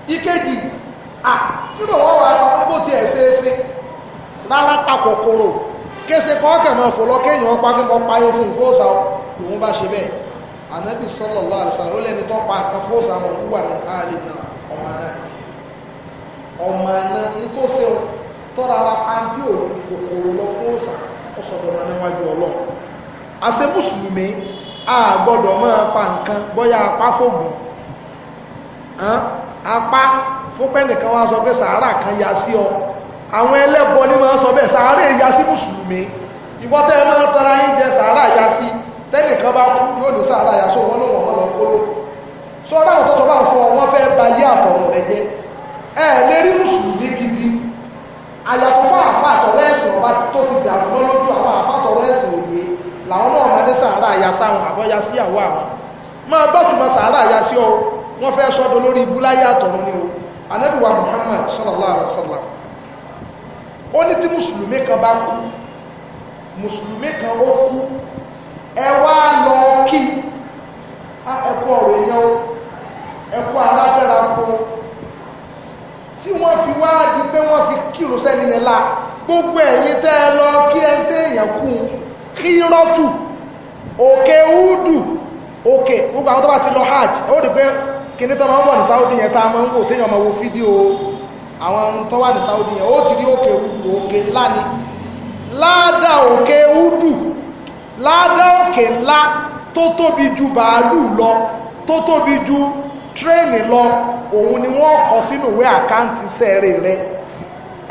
A: ìkejì à nínú wọn wà pa wọn bó ti ẹ̀ ṣe é ṣe rárá pa kòkòrò kése kọ́ kẹ̀ mọ́ fò lọ kéèyàn pa kí wọ́n pa yóò sí ìfowósà lòun bá ṣe bẹ́ẹ̀ ànábì sallallahu alaihi wasallam ó lẹ́ni tó pa nǹkan fowósà mọ́ wúwà ní àlè náà ọmọ náà ọmọ náà ní tó ṣe tọ́ra ara pàǹtí òun kòkòrò lọ fowósà ó sọ̀dọ̀ náà níwájú ọlọ́run àṣẹ mùsùlùmí a gbọ́dọ̀ apá fúnpẹ́ nìkan wá sọ pé sàárà kan ya sí ọ àwọn ẹlẹ́bọ ní máa sọ bẹ́ẹ̀ sàárà ya sí mùsùlùmí ìwọ́tẹ́ ẹ máa tara yín jẹ sàárà ya sí tẹ́nìkan bá kú yóò ní sàárà ya sí òun náà wọ́n lọ kóló sọ́dọ̀ àwọn tó sọ bá ń fún ọ wọ́n fẹ́ ba yé àtọ̀run rẹ jẹ ẹ lè rí mùsùlùmí gidi àyàtọ̀ fún àfa àtọ̀rọ̀ ẹ̀sìn ọba tó ti dàrú mọ́ lójú àwọn àfa àtọ̀rọ̀ ẹ̀sìn òye làwọn náà máa ní sàárà ya sáwọn àbọ̀ya síyàwó àwọn máa gbọ́tùmọ̀ sàárà ya sí ọ wọ́n fẹ́ sọ́dọ̀ lórí ibú láyé àtọ̀run ni o ànábì wa Muhammad sallallahu alaihi wasallam ó ní tí mùsùlùmí kan bá kú mùsùlùmí kan ó kú ẹ wá lọ kí ẹ kú ọ̀rọ̀ èèyàn ẹ kú ara fẹ́ra kó tí wọ́n fi wá di pé wọ́n fi kírun sẹ́ni yẹn la gbogbo ẹ̀yin tẹ́ ẹ lọ kí ẹ ń tẹ́ èèyàn kú kí rọ́tù òkè údù òkè gbogbo àwọn tó bá ti lọ hajj ó rí pé kíní tó máa ń wọ̀ ní Saudi yẹn tá a máa ń wò téèyàn máa wo fídíò àwọn tó wà ní Saudi yẹn ó ti rí òkè udu òkè ńlá ni láàdá òkè udu láàdá òkè ńlá tó tóbi ju bàálù lọ tó tóbi ju tírẹ́ẹ̀nì lọ òun ni wọ́n kọ sínú ìwé àkáǹtì sẹ́ẹ̀rẹ̀ rẹ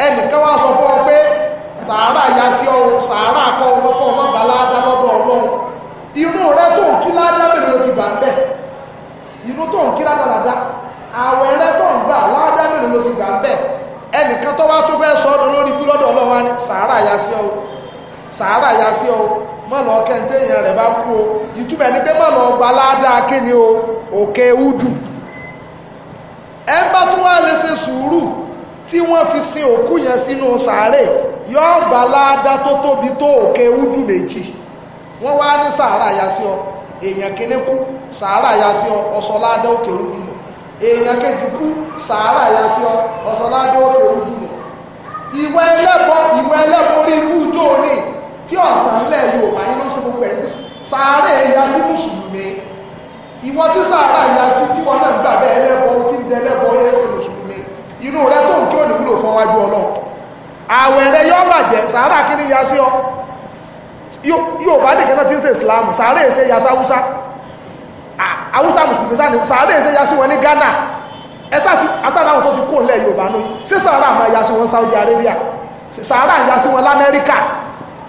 A: ẹnìkan wá sọ fún ọ pé sàárà ya sí ọrùn sàárà kọ ọmọkọ ọmọ gbà láàdá lọ́dọ̀ Ọlọ́run irú rẹ tó ń kí láàdá bẹ̀rẹ̀ ló ti bà ń bẹ̀ ìlú tó ń kíra dáadáa àwọ̀ ẹ̀rẹ́ tó ń gbà láàdá mélòó ló ti gbà bẹ́ẹ̀ ẹnìkan tó wá tó fẹ́ sọ ọ́dọ̀ lórí ikú lọ́dọ̀ ọlọ́wà ni sàárà ya sí ọ sàárà ya sí ọ má lọ kẹ́ńté èèyàn rẹ̀ bá kú o ìtumọ̀ ẹni pé má lọ gba láàdá kíni o òkè údù ẹ bá tún wá lè ṣe sùúrù tí wọ́n fi sin òkú yẹn sínú sàárè yóò gba láàdá tó tóbi tó òkè údù méjì wọ́n wá ní sàárà ya sí ọ èèyàn kíní kú sàárà ya sí ọ ọsọládé òkè rúdùnà èèyàn kejì kú sàárà ya sí ọ ọsọládé òkè rúdùnà ìwẹ ẹlẹbọ ìwẹ ẹlẹbọ orí ikú ijó ní tí ọ̀tá ńlẹ̀ yorùbá yín ló ń sọ gbogbo ẹ̀ sàárà ya sí mùsùlùmí ìwọ tí sàárà ya sí tíwọ náà gbà bẹ́ẹ̀ ẹlẹ́bọ tí ń dẹlẹ́bọ yẹn ṣe mùsùlùmí inú rẹ tó ń kí òní wúlò fún wájú àwẹ̀rẹ̀ yọ yóò bá nìkan náà ti ń ṣe ìsìláàmù sàárè ṣe ya sáwúsá àwúsá mùsùlùmí sáà ní sàárè ṣe ya sí wọn ní Ghana ẹsà tí asádáwọn tó ti kó ńlẹ̀ Yorùbá ní sí sàárà máa ya sí wọn Saudi Arabia sàárà ya sí wọn l'Amẹ́ríkà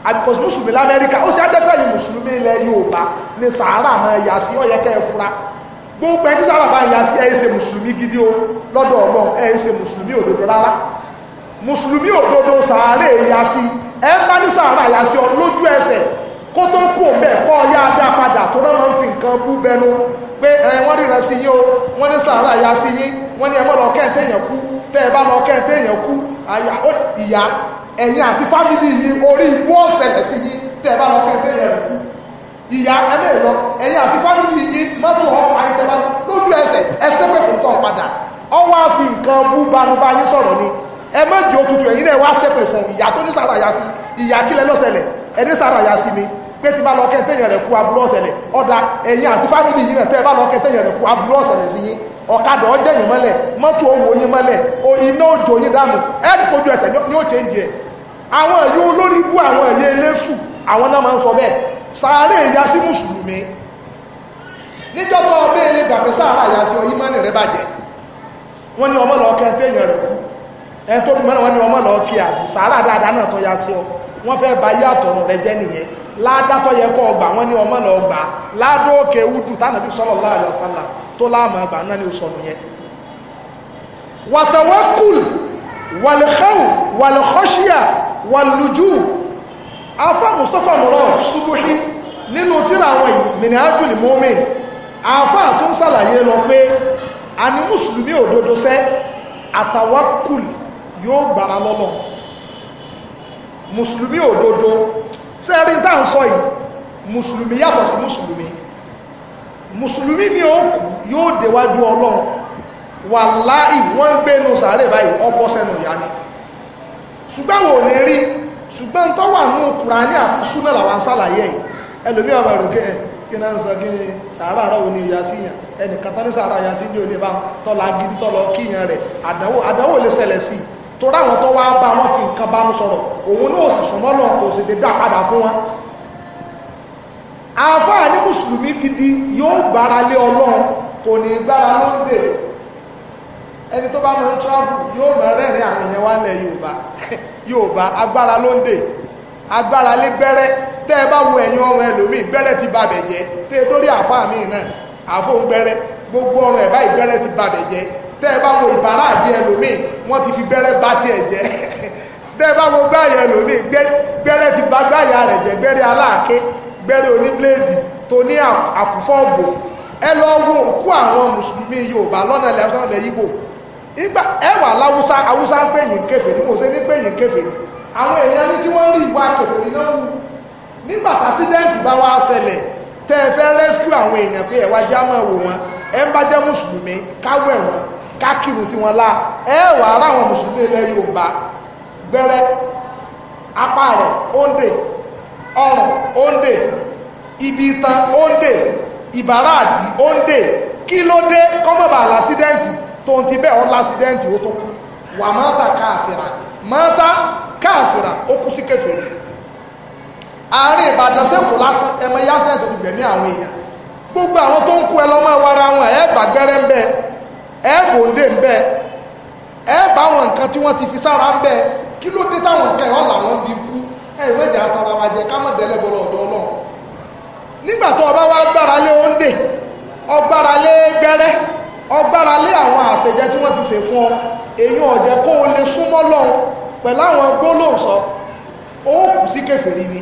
A: àbíkọ́sí mùsùlùmí l'Amẹ́ríkà ó sì adẹ́gbẹ̀yìn mùsùlùmí ilẹ̀ Yorùbá ní sàárà máa ya sí ó yẹ kẹ́ ẹ fura gbogbo ẹni tí sára bá ya sí ẹ̀yẹ́ ṣe mùsùlùmí gidi o lọ́dọ̀ Ọlọ́run ẹ̀yẹ́ ṣe mùsùlùmí òdodo rárá mùsùlùmí òdodo sàárè ya sí ẹ ń bá ní sàárà yàsí ọ lójú ẹsẹ̀ kó tó kù bẹ́ẹ̀ kọ́ ọ yá dá padà tó náà máa ń fi nǹkan bú bẹnu pé ẹ wọ́n ríran sí yín o wọ́n ní sàárà yàsí yín wọ́n ní ẹ mọ́ lọ kẹ́ǹtẹ́ èèyàn kú tẹ́ ẹ bá lọ kẹ́ǹtẹ́ èèyàn kú ìyá ẹ̀yin àti fámìlì yìí orí ibú ọ̀sẹ̀lẹ̀ sí yín tẹ́ ẹ bá lọ kẹ́ǹtẹ́ èèyàn kú ìyá ẹ bẹ́ẹ̀ lọ ẹ̀yin àti fámìlì yìí mọ́tò ọ̀pá yìí tẹ́ bá lójú ẹsẹ̀ ẹ má jẹ́ òtútù ẹ̀yin náà wá sẹ́pẹ̀ fún ìyá tó ní sàrà yá sí ìyá kílẹ̀ lọ́sẹ̀lẹ̀ ẹni sàrà yá sí mi pé ti bá lọ kẹ́ntẹ́yìn rẹ̀ kú aburú ọ̀sẹ̀lẹ̀ ọ̀dà ẹ̀yin àti fámìlì yìí náà tẹ́ ẹ bá lọ kẹ́ntẹ́yìn rẹ̀ kú aburú ọ̀sẹ̀lẹ̀ sí yín ọ̀kadà ọ̀jẹ̀yìn mọ́lẹ̀ mọ́tò owó yín mọ́lẹ̀ iná òjò yín dànù ẹ̀ẹ́dì kojú ẹsẹ̀ ni ó change ẹ̀ àwọn èyí olórí bú àwọn èyí eléṣù àwọn náà máa ń sọ bẹ́ẹ̀ sàárè ìyá sí mùsùlùmí níjọba ọbẹ̀ ilé gbàgbé sàárà ìyá sí ọyí mọ́nì rẹ bàjẹ́ wọ́n ní ọmọ lọ kẹ́ntẹ́yìn rẹ̀ kú ẹni tó bímọ náà wọ́n ní ọmọ lọ kí àbò sàárà dáadáa náà tó yá sí ọ wọ́n fẹ́ ba yé àtọ̀rọ̀ rẹ jẹ́ nìyẹn ládàtọ̀ yẹ kọ́ ọgbà wọ́n ní ọmọ lọ gbà ládó òkè udu tánàbí sallallahu alaihi wasallam tó láàmú àgbà náà ní oṣù ọ̀nìyẹn. wàtàwákùl wàlúkọ́f wàlúkọ́ṣíà wàlújú afa mustapha murad subuhi nínú tíra àwọn yìí minhajul mu'min yóò gbára lọ́nà mùsùlùmí òdodo sẹ́rí tá ń sọ yìí mùsùlùmí yàtọ̀ sí mùsùlùmí mùsùlùmí mi ò kú yóò déwájú ọlọ́run wàláì wọ́n ń gbénu sàárè báyìí ọgbọ́ sẹ́nu ìyá ni ṣùgbọ́n wò ní rí ṣùgbọ́n tó wà ní Kùránì àti súnà làwọn sàlàyé yìí ẹlòmí ọmọ ìròkè ẹ̀ eh, kí náà ń sọ kí sàárà rẹ̀ òní ìyá sí yàn ẹnì kàtà ní sàárà ìyá sí ní òní bá tọ́lá gidi tọ́lọ kíyàn rẹ̀ àdánwò lè ṣẹlẹ̀ sí i torí àwọn tó wá bá wọn fi nǹkan bá mú sọ̀rọ̀ òun náà sì súnmọ́ lọ kò sì dédé àpadà fún wọn àáfàá ní mùsùlùmí gidi yóò gbára lé ọlọ́run kò ní gbára ló ń dè ẹni tó bá máa ń travel yóò máa rẹ́rìn àwọn èèyàn wá lẹ̀ yorùbá yorùbá agbára ló ń dè agbára lé gbẹ́rẹ́ tẹ́ ẹ bá wo ẹ̀yìn ọmọ ẹlòmíì gbẹ́rẹ́ ti babẹ̀ jẹ́ tẹ́ ẹ lórí àáfàá míì náà àáfóun gbẹ́rẹ́ gbogbo ọrùn ẹ̀ báyìí gbẹ́rẹ́ ti babẹ̀ jẹ́ tẹ́ ẹ bá wo ìbára wọ́n ti fi gbẹ́rẹ́ bá tiẹ̀ jẹ́ bẹ́ẹ̀ bá mo gbáyà lómi gbẹ́rẹ́ ti bá gbáyà rẹ̀ jẹ́ gbẹ́rẹ́ aláàké gbẹ́rẹ́ oníbléèdì tó ní àkúfọ́ọ̀bù ẹ lọ wo òkú àwọn mùsùlùmí yorùbá lọ́nà ilẹ̀ ọ̀sán ilẹ̀ yíbò ìgbà ẹ wà láwùsá awùsá ń pè yín kèfèrí mo ṣe ní pè yín kèfèrí àwọn èèyàn ní tí wọ́n rí ìwà kèfèrí náà wù nígbà tásídẹ́ǹtì bá wá ṣẹlẹ̀ tẹ́ ẹ fẹ́ rẹ́síkú àwọn èèyàn pé ẹ wá já máa wò wọn ẹ ń bá jẹ́ mùsùlùmí káwẹ̀ wọn kákìrù sí wọn láà ẹ wà ara àwọn mùsùlùmí ilẹ̀ yorùbá gbẹ́rẹ́ apá rẹ̀ òǹdè ọrùn òǹdè ibi itan òǹdè ìbáraàdì òǹdè kí ló dé kọ́mọ̀bà lásídẹ́ǹtì tó ti bẹ́ẹ̀ ọ́ lásídẹ́ǹtì ó tó kú wà mọ́ta káàfìrà mọ́ta káàfìrà ó kú sí kẹfìrì àárín ìbàdàn sẹ́kù lásán ẹmọ yásídẹ́ǹtì tó ti gbẹ̀mí àwọn èèyàn gbogbo àwọn tó ń kú ẹ lọ́mọ ìwara wọn ẹ̀ gbàgbẹ́rẹ́ bẹ́ẹ̀ ẹ kò ń dé ń bẹ ẹ bá àwọn nǹkan tí wọ́n ti fi sára ń bẹ kí ló dé táwọn nǹkan ẹ̀ wọ́n làwọn bí kú ẹ ìwé ìjà àtàrà wa jẹ kámọ̀ dẹ́lẹ́gbọ́ lọ́dọ̀ ọlọ́run nígbà tó ọba wa gbára lé oúnjẹ ọgbára lé gbẹ́rẹ́ ọgbára lé àwọn àṣejẹ tí wọ́n ti ṣe fún ọ èyí ọ̀jẹ̀ kó o lè súnmọ́ lọ́hùn pẹ̀lú àwọn gbólóòsọ ó kù sí kèfèrí ni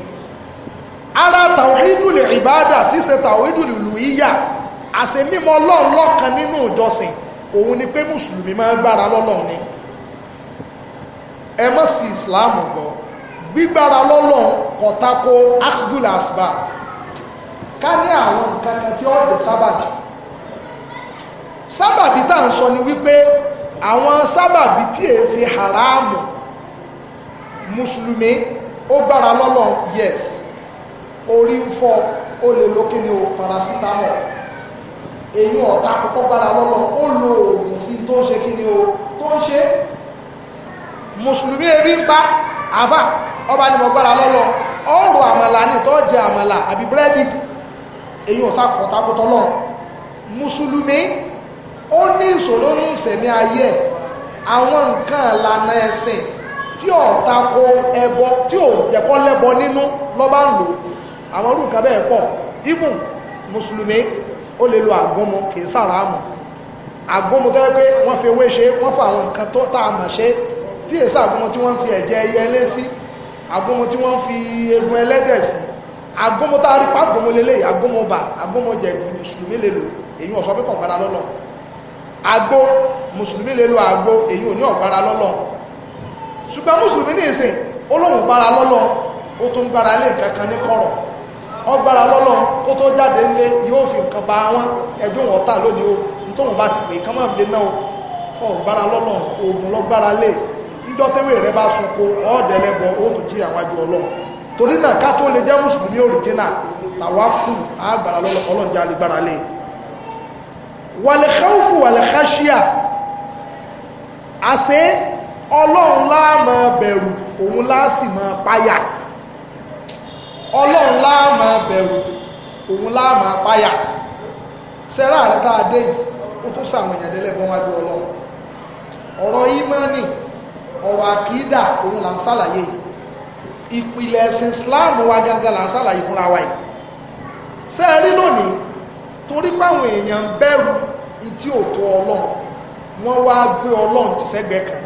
A: ara tàwídùl ìbádà tí ṣe tàwídùl lùíyà àṣemímọ́ ọlọ́run lọ́kan nínú ìjọsìn òun ni pé mùsùlùmí máa ń gbára lọ́lọ́run ni ẹ mọ̀ sí islam gbọ́ gbígbára lọ́lọ́run kọ̀tako akhdul asba ká ní àwọn nǹkan kan tí ọ̀dẹ̀ sábàbí sábàbí tá à ń sọ ni wípé àwọn sábàbí tí è ṣe haramu mùsùlùmí ó gbára lọ́lọ́run yes orí ń fọ́ ó lè lókè ní o paracetamol èyí ọ̀tá kọ́kọ́ gbára lọ́lọ́ ó lo oògùn sí tó ń ṣe kí ni o tó ń ṣe mùsùlùmí ebi ń pa àfà ọba ni mo gbára lọ́lọ́ ọrọ̀ àmàlà ní tó jẹ àmàlà àbí búrẹ́dì èyí ọ̀tá ọ̀tá kọ́tọ́ lọ mùsùlùmí ó ní ìṣòro ní ìsẹ̀mí ayé àwọn nǹkan ìlànà ẹ̀sìn tí ọ̀tá kó ẹbọ tí ò jẹ́kọ́ lẹ́bọ nínú lọ́ba ń lò àwọn orúkọ bẹ́ẹ̀ pọ̀ even mùsùlùmí ó lè lo àgúnmu kì í sàràmù àgúnmu tó yẹ pé wọ́n fi ewé ṣe wọ́n fa àwọn nǹkan tó tá a mọ̀ ṣe tí èsì àgúnmu tí wọ́n fi ẹ̀jẹ̀ ẹyẹ lé sí àgúnmu tí wọ́n fi egun ẹlẹ́dẹ̀ sí àgúnmu tá a rí pa àgúnmu lélẹ̀ àgúnmu bà àgúnmu jẹ̀bi mùsùlùmí lè lò èyí ọ̀sọ́ pé kọ̀ọ̀gbára lọ́lọ́ àgbo mùsùlùmí lè lo àgbo èyí ò ní ọ̀gbára lọ́lọ́ ṣùgbọ́n mùsùlùmí ní ìsìn ó lóun gbára lọ́lọ́ ó tún gbára lé nǹkan ní kọ̀rọ̀ ọgbàrá lọ́lọ́ kó tó jáde ńlé yóò fi nǹkan ba wọn ẹjọ́ wọn ta lónìí o nítorí bá ti pè kán máa lè náà ọgbàrá lọ́lọ́ oògùn lọ́gbàrá lè níjọ́ tẹ́wé rẹ bá sunko ọ̀ọ́dẹ̀ lẹ́bọ ó tún jí àwọn àjọ ọlọ́run torí náà ká tó lè jẹ́ mùsùlùmí òrìjínà tàwa kù àgbàrá lọ́lọ́ ọlọ́njà lè gbára lé wàlẹ̀kẹ́wùfù wàlẹ̀kẹ́ṣíà àṣẹ ọlọ́run láà máa bẹ̀rù òun láà sì máa páyà ọlọ́run láàmà bẹ̀rù òun láàmà páyà sẹ́rà rẹ̀ tá a dé yìí ó tún sàwọn èèyàn délẹ́gbọ́n wájú ọlọ́run ọ̀rọ̀ ìmánì ọ̀rọ̀ àkídà òun là ń sàlàyé ìpìlẹ̀ ẹ̀sìn Islam wa gangan là ń sàlàyé fúnra wa yìí sẹ́ẹ̀rí lónìí torí páwọn èèyàn bẹ̀rù ìtí kan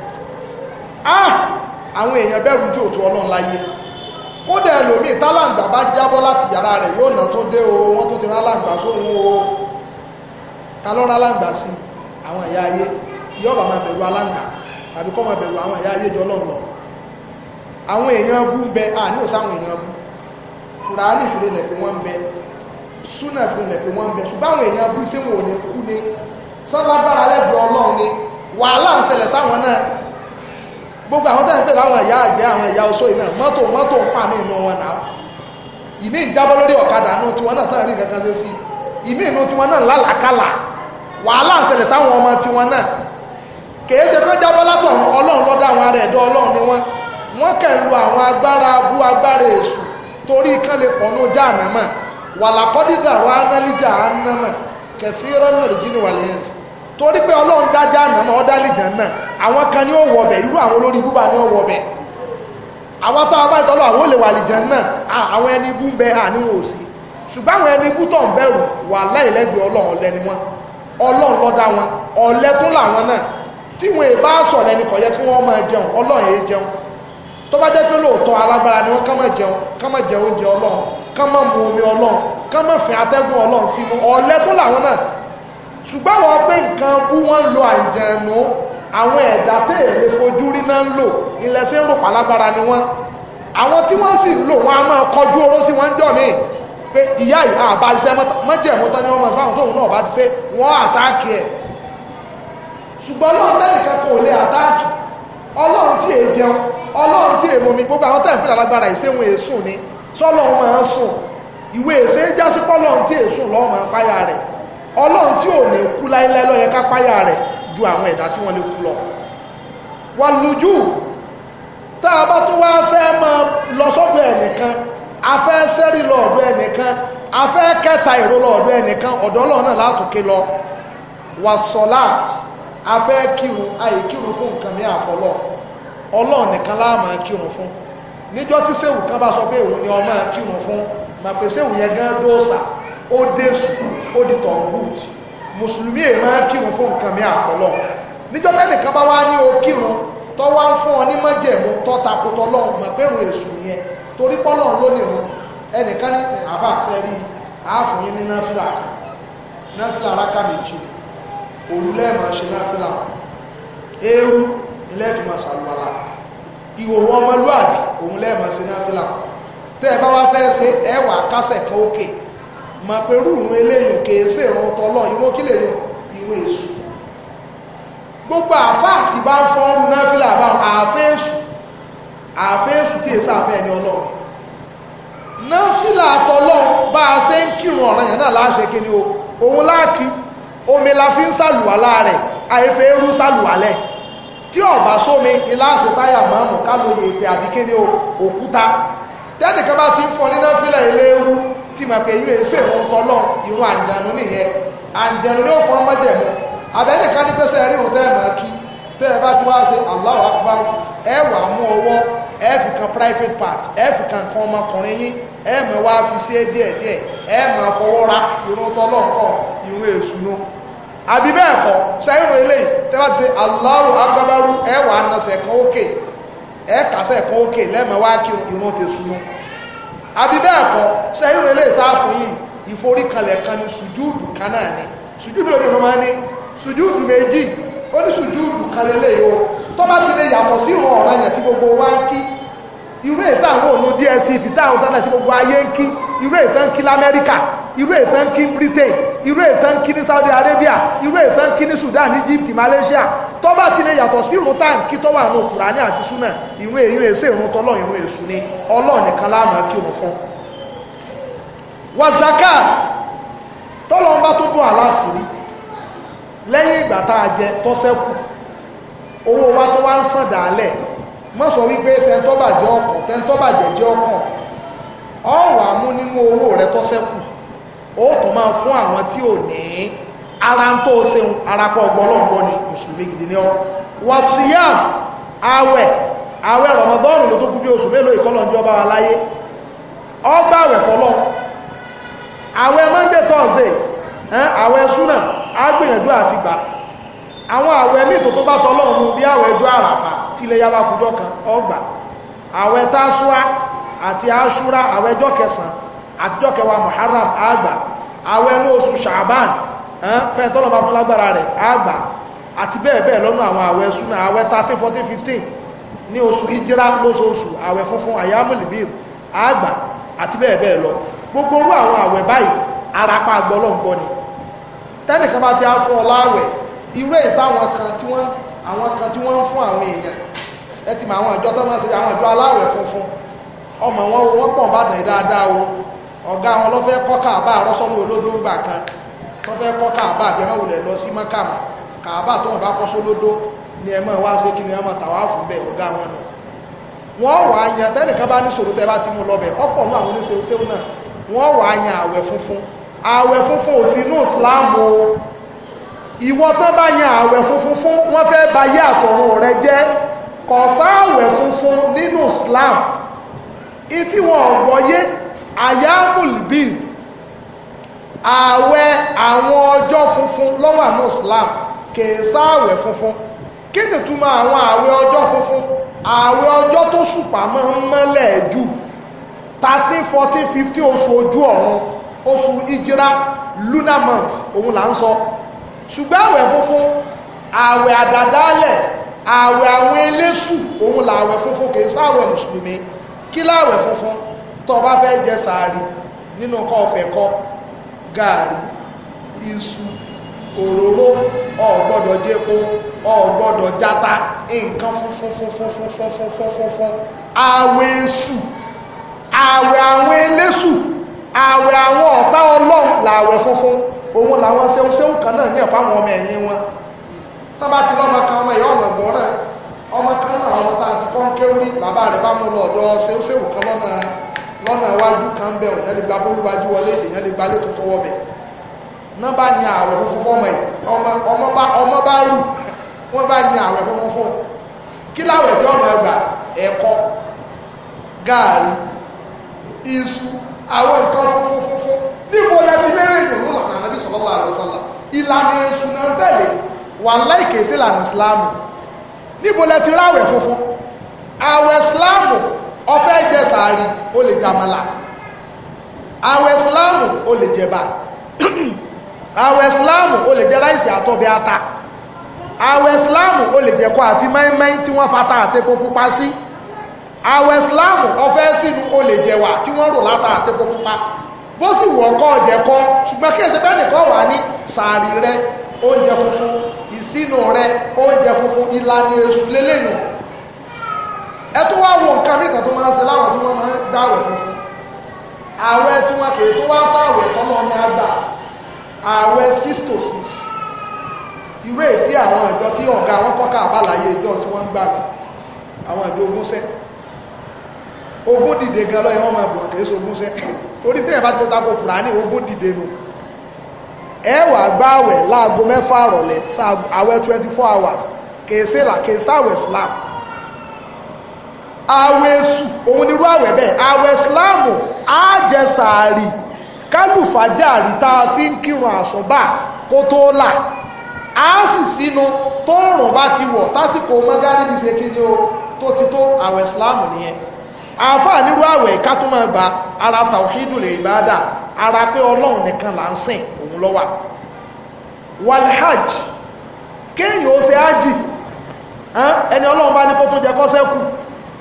A: ah àwọn èèyàn bẹ̀rù òtó ọlọ́run kódà ẹlòmíì tálàǹgbà bá jábọ́ láti yàrá rẹ̀ yóò nà tó dé o wọ́n tó ti rán aláǹgbà sóhun o ta ló rán aláǹgbà sí àwọn ìyá ayé yọba máa bẹ̀rù aláǹgbà tàbí kọ́ máa bẹ̀rù àwọn ìyá ayé jọ lọ́nà lọ àwọn èèyàn bú ń bẹ àní ò sáwọn èèyàn bú kùránì fìdí lẹ̀ pé wọ́n ń bẹ súnà fìdí lẹ̀ pé wọ́n ń bẹ ṣùgbọ́n àwọn èèyàn bú sí gbogbo àwọn tẹ́ ń pè láwọn ìyá àjẹ́ àwọn ìyá oṣó iná mọ́tò mọ́tò ń pàmì inú wọn náà ìmí ìjábọ́ lórí ọ̀kadà inú tiwọn náà tán rí kankan ṣe sí ìmí inú tiwọn náà lálàkàlà wàhálà ń ṣẹlẹ̀ sáwọn ọmọ tiwọn náà kèé ṣe pé jábọ́ látọ̀ ọlọ́run lọ́dọ̀ àwọn ará ẹ̀dọ́ ọlọ́run ni wọ́n wọ́n kẹ̀ lu àwọn agbára abú agbára èṣù torí kán lè pọ̀ ní ọjà ànámà torí pé ọlọ́run dájá àná mọ́ náà àwọn kan ní ó wọ ọbẹ̀ irú àwọn olórí búba ní ó wọ ọbẹ̀ àwọn tó abá ìtọ́lọ́ àwọn olè wà lìjà náà àwọn ẹni ibú ń bẹ ṣùgbọ́n àwọn ẹni ibú tó ń wà láìlẹ́gbẹ̀ẹ́ ọlọ́run ọlọ́run lọ́dá wọn tí wọn ì bá yẹ kí wọ́n máa jẹun ọlọ́run jẹun tó bá jẹ́ ṣùgbọ́n àwọn pé nǹkan bú wọ́n ń lo àjẹ̀nú àwọn ẹ̀dá tẹ́ẹ̀ lè fojú rí náà ń lò ilẹ̀ ṣe ń rò pálágbára ni wọ́n àwọn tí wọ́n sì lò wọ́n á máa kọjú oró sí wọ́n ń jọ míì pé ìyá ìhà àbá iṣẹ́ mọ́jẹ̀mú tán ni wọ́n mọ̀ sí fáwọn tóun náà bá ti ṣe wọ́n àtáàkì ẹ̀ ṣùgbọ́n ọlọ́run tẹ́nìkan kò lè àtáàkì ọlọ́run tí èè jẹun ọlọ́run tí èè momi gbogbo àwọn tẹ́ẹ̀ fìlà lágbára ìṣéhun èsùn ni sọ́lọ́run máa ń sùn ìwé èsè jásí pọ́lọ́run tí èsùn lọ́ọ́ máa ń páyà rẹ̀ ọlọ́run tí ò ní kú láíláí ló yẹ ká páyà rẹ̀ ju àwọn ẹ̀dá tí wọ́n lè kú lọ wà lójú tá a bá tún wá fẹ́ máa lọ sọ́dọ̀ ẹnìkan a fẹ́ sẹ́rí lọ ọ̀dọ̀ ẹnìkan a fẹ́ kẹta ìró lọ ọ̀dọ̀ ẹnìkan ọ̀dọ̀ ọlọ́run náà látòkè lọ wà sọ́láàt a fẹ́ kírun àyè kírun fún nǹkan ní àfọlọ́ ọlọ́run nìkan la máa kírun fún níjọ́ tí sẹ́wù kan bá sọ pé òun ni ọmọ kírun fún màpèsè òun yẹn gán dóòsà ó dé sùn ó di tọ̀gùt mùsùlùmí è máa kírun fún nǹkan mi àfọlọ́ níjọ́ mẹ́rin kan bá wá ní o kírun tó wá ń fún ọ ní májẹ̀mú tó takotọ́ lọ́hùn mọ̀ pé ìrùn èṣù yẹn torí pọ́lọ̀ ló lè rún ẹnìkan ní àfa àṣẹ rí àáfù yín ní náfìlà kan náfìlà aráka méjì òru lẹ́ẹ̀mọ̀ ṣe náfìlà eérú ilẹ́fìmọ̀ sàlùwàlà ìhòòhò ọmọlúàbí òun lẹ́ẹ̀mọ̀ ṣe náfìlà tẹ́ ẹ bá wá fẹ́ ṣe ẹwà kásẹ̀ kan ókè okay mà pé rúùrùn eléyìí kèé sí ìrún tọ́lọ́ ìwọ́n kí lè yàn ìwé èṣù gbogbo àfa àti bá ń fọ́n rú náà fílà bá àfẹ́ èṣù àfẹ́ èṣù tí èsà àfẹ́ ẹni ọlọ́run náà fílà àtọ́lọ́run bá a ṣe ń kírun ọ̀ràn yẹn náà láṣẹ kí ni o òun láàkí omi la fi ń sàlùwà láàrẹ̀ àìfẹ́ rú sàlùwà lẹ̀ tí ọ̀bà sómi ìlàsì táyà mọ́mù ká lóye ìpè àbíkéde òkúta tẹ́nìkan bá ti ń fọ ní náà fílà ilé rú tí màá pé ìwé ṣe ìwọ̀n tọ́lọ́ ìwọ̀n àǹjànú nìyẹn àǹjànú ni ó fọ́ mọ́jẹ̀mú abẹ́ni ká ní pẹ́sẹ́ rí òun tẹ́ ẹ̀ máa kí tẹ́ ẹ bá ti wá ṣe Allahu Akbar ẹ wà mú ọwọ́ ẹ fi kan private part ẹ fi kan kan ọmọkùnrin yín ẹ mọ̀ wá fi ṣe díẹ̀díẹ̀ ẹ mọ̀ fọwọ́ ra ìrún tọ́lọ́ nǹkan ìrún èṣùnú àbí bẹ́ẹ̀ kọ́ sẹ́yìn eléyìí tẹ́ bá ti ṣe Allahu Akbar ẹ wà á nasẹ̀ kan ókè
B: àbí bẹ́ẹ̀ kọ́ sẹ́yìn ilé ìta fún yìí
A: ìforíkalẹ̀ kan ní sùjúùdù kan náà ni sùjúùdù lóde ló máa ní sùjúùdù méjì ó ní sùjúùdù kan lélẹ́yìí o tó yàtọ̀ sí ìrun ọ̀ranyàn tí gbogbo wa ń kí irú ètò àwọn ònú dstv táwọn sáadà tí gbogbo ayé ń kí irú ètò ń kí lamẹ́ríkà irú ètò ń kí britain irú ètò ń kí ní saudi arabia irú ètò ń kí ní sudan egypt malaysia tó bá ti lè yàtọ̀ sí irun tá à ń kí tó wà ní kùránì àti súnà ìrun èyí èsè ìrun tọ́lọ́ ìrun èṣù ni ọlọ́ọ̀ nìkan láàmú kí òun fún. wazakat tọ́lọ́ ń bá tó bọ̀ aláṣìírí lẹ́yìn ìgbà tá a jẹ tọ́sẹ́kù owó wa tó wá ń sàn dàálẹ̀ má sọ wípé tẹ́ntọ́bàjẹ́ ọkàn tẹ́ntọ́bàjẹ́ jẹ́ ọkàn ọ̀wà mú nínú owó rẹ tó ṣẹ́kù ó tó máa fún àwọn tí ò ní ara ń tó ṣeun arapọ̀ ọgbọ́lọ́gbọ́ ni oṣù méjìdín ní ọ wàṣíyà àwẹ̀ àwẹ̀ rọmọdọ́ọ̀nù ló tó kú bí oṣù mélòó ìkọlọ́njẹ́ ọba wa láyé ọgbà àwẹ̀ fọlọ́n àwẹ̀ monday thursday àwẹ̀ súnà á gbìyànjú àti gbà àwọn àwẹ̀ míì tó tó bá tọ́lọ́run bí àwẹ̀ ọjọ́ àràfà tílẹ̀ yá bá kújọ́ kan ọgbà àwẹ̀ tásúà àti aṣúra àwẹjọ́ kẹsàn-án àtijọ́ kẹwàá muharram àgbà àwẹ̀ ní oṣù ṣàbán fẹ́ tọ́lọ̀ bá fún lágbára rẹ̀ àgbà àti bẹ́ẹ̀ bẹ́ẹ̀ lọ́nà àwọn àwẹ̀ súnà àwẹ̀ 13 14 15 ní oṣù hijira lóṣooṣù àwẹ̀ funfun àyámùlìbír àgbà àti bẹ́ẹ̀ bẹ́ẹ̀ lọ gbogbo orú àwọn àwẹ̀ báyìí arapa àgbọ́lọ́ngbọ́ ni tẹ́nìkan bá ti á fún ọlá àwẹ̀ irú èyí táwọn kan tí wọ́n àwọn kan tí wọ́n ń fún àwọn èèyàn ẹ ti mọ àwọn ìjọ tó máa ń ṣe àwọn ìjọ aláwẹ̀ funfun ọmọ wọn wọ́n pọ̀ bàdàn dáadáa o ọ̀gá wọn ló fẹ́ kọ́ kàbá àrọ́sọ́nù olódó ń gbà kan tó fẹ́ kọ́ kàbá àbí ẹmọ́ wulẹ̀ lọ sí mọ́kàmà kàbá tó wọn bá kọ́ sólódó ni ẹmọ́ wá sí kí ni ẹmọ́ tàwa fún bẹ́ẹ̀ ọ̀gá wọn nù wọ́n wà á yan tẹ́nìkan bá ní ṣòro tẹ́ bá ti mú lọ bẹ̀ ọ̀pọ̀ náà àwọn oníṣẹ́ òṣèlú náà wọ́n wà á yan àwẹ̀ funfun àwẹ̀ funfun ò sí inú ìsìláàmù o ìwọ tán bá yan ààwẹ̀ funfun fún wọ́n fẹ́ ba yé àtọ̀run rẹ jẹ́ kò sáàwẹ̀ funfun nínú Islam etí wọn wọ̀nyé ayamulbid ààwẹ̀ àwọn ọjọ́ funfun lọ́wọ́ àánú Islam kè sáàwẹ̀ funfun kí ni túmọ̀ àwọn ààwẹ̀ ọjọ́ funfun ààwẹ̀ ọjọ́ tó ṣùpá máa ń mọ́lẹ̀ jù thirteen fourteen fifteen oṣù ojú ọ̀run oṣù ìjìrá lunar month òun là ń sọ ṣùgbọ́n àwẹ̀ funfun àwẹ̀ àdàdálẹ̀ àwẹ̀ àwọn eléṣù òun làwẹ̀ funfun kì í sáwẹ̀ mùsùlùmí kí láwẹ̀ funfun tó bá fẹ́ jẹ sàárì nínú kọfẹ́ kọ gààrí iṣu òróró ò gbọ́dọ̀ jẹ́po ò gbọ́dọ̀ jata nǹkan funfun funfun funfun funfun funfun àwẹ̀ èṣù àwẹ̀ àwọn eléṣù àwẹ̀ àwọn ọ̀tá ọlọ́run làwẹ̀ funfun òun làwọn ṣeun ṣeun kan náà yàn fáwọn ọmọ ẹ̀yìn wọn tó bá ti lọ́mọ kan ọmọ ìyá ọmọ ẹ̀gbọ́n náà ọmọ kan náà àwọn tá a ti kọ́ ń kéwú rí bàbá rẹ̀ bá mú lọ ọ̀dọ̀ ṣeun ṣeun kan lọ́nà lọ́nà iwájú kan ń bẹ̀ èèyàn lè gba bólúwájú wọlé èèyàn lè gba lé tuntun wọbẹ̀ náà bá yan àwẹ̀ funfun fọmọ yìí ọmọ bá rù wọ́n bá yan àwẹ̀ funfun fún kí láwẹ̀ tí ọmọ ẹgbà ẹ̀kọ́ gààrí iṣu àwọn nǹkan funfun funfun níbo la ti lérè ìdùnnú lànà ànábì sallallahu alaihi wasallam ìlànà èṣù náà tẹ̀lé wàláhì kìí sí ìlànà ìsìláàmù níbo la ti ráwẹ̀ funfun àwẹ̀ ìsìláàmù ọ̀fẹ́ jẹ sàárì ó lè jẹ àmàlà àwẹ̀ ìsìláàmù ó lè jẹ bá àwẹ̀ ìsìláàmù ó lè jẹ ráìsì àtọ́bẹ̀ ata àwẹ̀ ìsìláàmù ó lè jẹ kọ́ àti mẹ́ẹ́mẹ́ẹ́ tí wọ́n fata àtẹ́pọ̀ pupa sí àwẹ̀ ìsìláàmù ọ̀fẹ́ sínú ó lè jẹ wà tí wọ́n rò látà àtẹ́pọ̀ pupa bó sì ọjọọ ọkọ̀ ọ̀jẹ̀ ṣùgbọ́n kí ẹsẹ̀ bẹ́ẹ̀ nìkan wà ní sàárì rẹ oúnjẹ funfun ìsínú rẹ oúnjẹ funfun ìlànà èṣù lélẹ́yìn ẹ tó wá wo nǹkan mìíràn tó máa ń ṣe láwọn tí wọ́n máa ń dáwẹ̀ funfun ààwẹ̀ tí wọ́n kì í tó wá tọ́lọ́ ní àgbà ààwẹ̀ àwọn ìjọ tí ọ̀gá wọn kọ́ káàbá láyé ìjọ tí wọ́n ń gbà mí torí tẹ́yìn bá ti tako kùránì ogún dìde nu ẹ wà gbààwẹ̀ láago mẹ́fà rọ̀lẹ́ àwẹ̀ twenty four hours kèsè là kèsè àwẹ̀ Islam àwẹ̀ sù òun nírú àwẹ̀ bẹ́ẹ̀ àwẹ̀ Islam àjẹsàárì kálùfájàrí tá a fi ń kírun àsọ̀bà kó tó là á sì sínú tóòrùn bá ti wọ̀ tásìkò mọ́gárìbì ṣe kí ni o tó ti tó àwẹ̀ Islam nìyẹn. àáfàá nírú àwẹ̀ ká tó máa gba ara tawhidul ibada ara pé ọlọ́run nìkan là ń sìn òun lọ́wà wal hajj kéèyàn ó ṣe ẹni ọlọ́run bá ní kó tó jẹ kọ́ sẹ́kù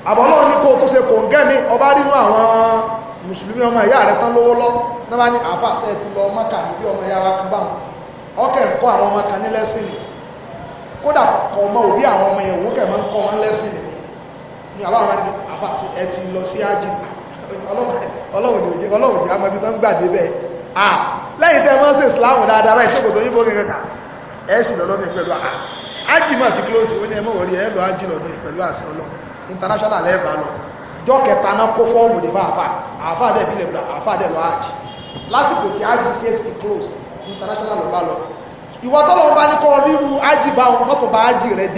A: àbọ̀ ọlọ́run ní kó tó ṣe kò ń gẹ́mi ọba nínú àwọn mùsùlùmí ọmọ ìyá rẹ̀ tán lówó lọ náà bá ní ti ọmọ ọmọ kan ní lẹ́sìn ni kódà kọ̀ ọmọ òbí àwọn ọmọ yẹn ní àwọn ará ní àfàṣì ẹ ti lọ sí ájì ọlọ́run jẹ́ ọlọ́run jẹ́ àmọ́ ibi tó ń gbà débẹ̀ à lẹ́yìn tẹ́ mọ́ sí ìsìláàmù dáadáa báyìí ṣòkòtò yín fún kẹkẹta ẹ sì lọ lọ́dún pẹ̀lú à ájì mọ̀ ti close ó ní ẹmọ òrí ẹ lọ ájì lọ́dún pẹ̀lú àṣẹ ọlọ́run international lẹ́ẹ̀bà lọ jọ́ kẹta náà kó fọ́ọ̀mù dé fáfà àfà dẹ̀ fi lè bla àfà dẹ̀ lọ ájì lásìkò tí ájì state ti close international lọ bá lọ ìwọ tọ́lọ́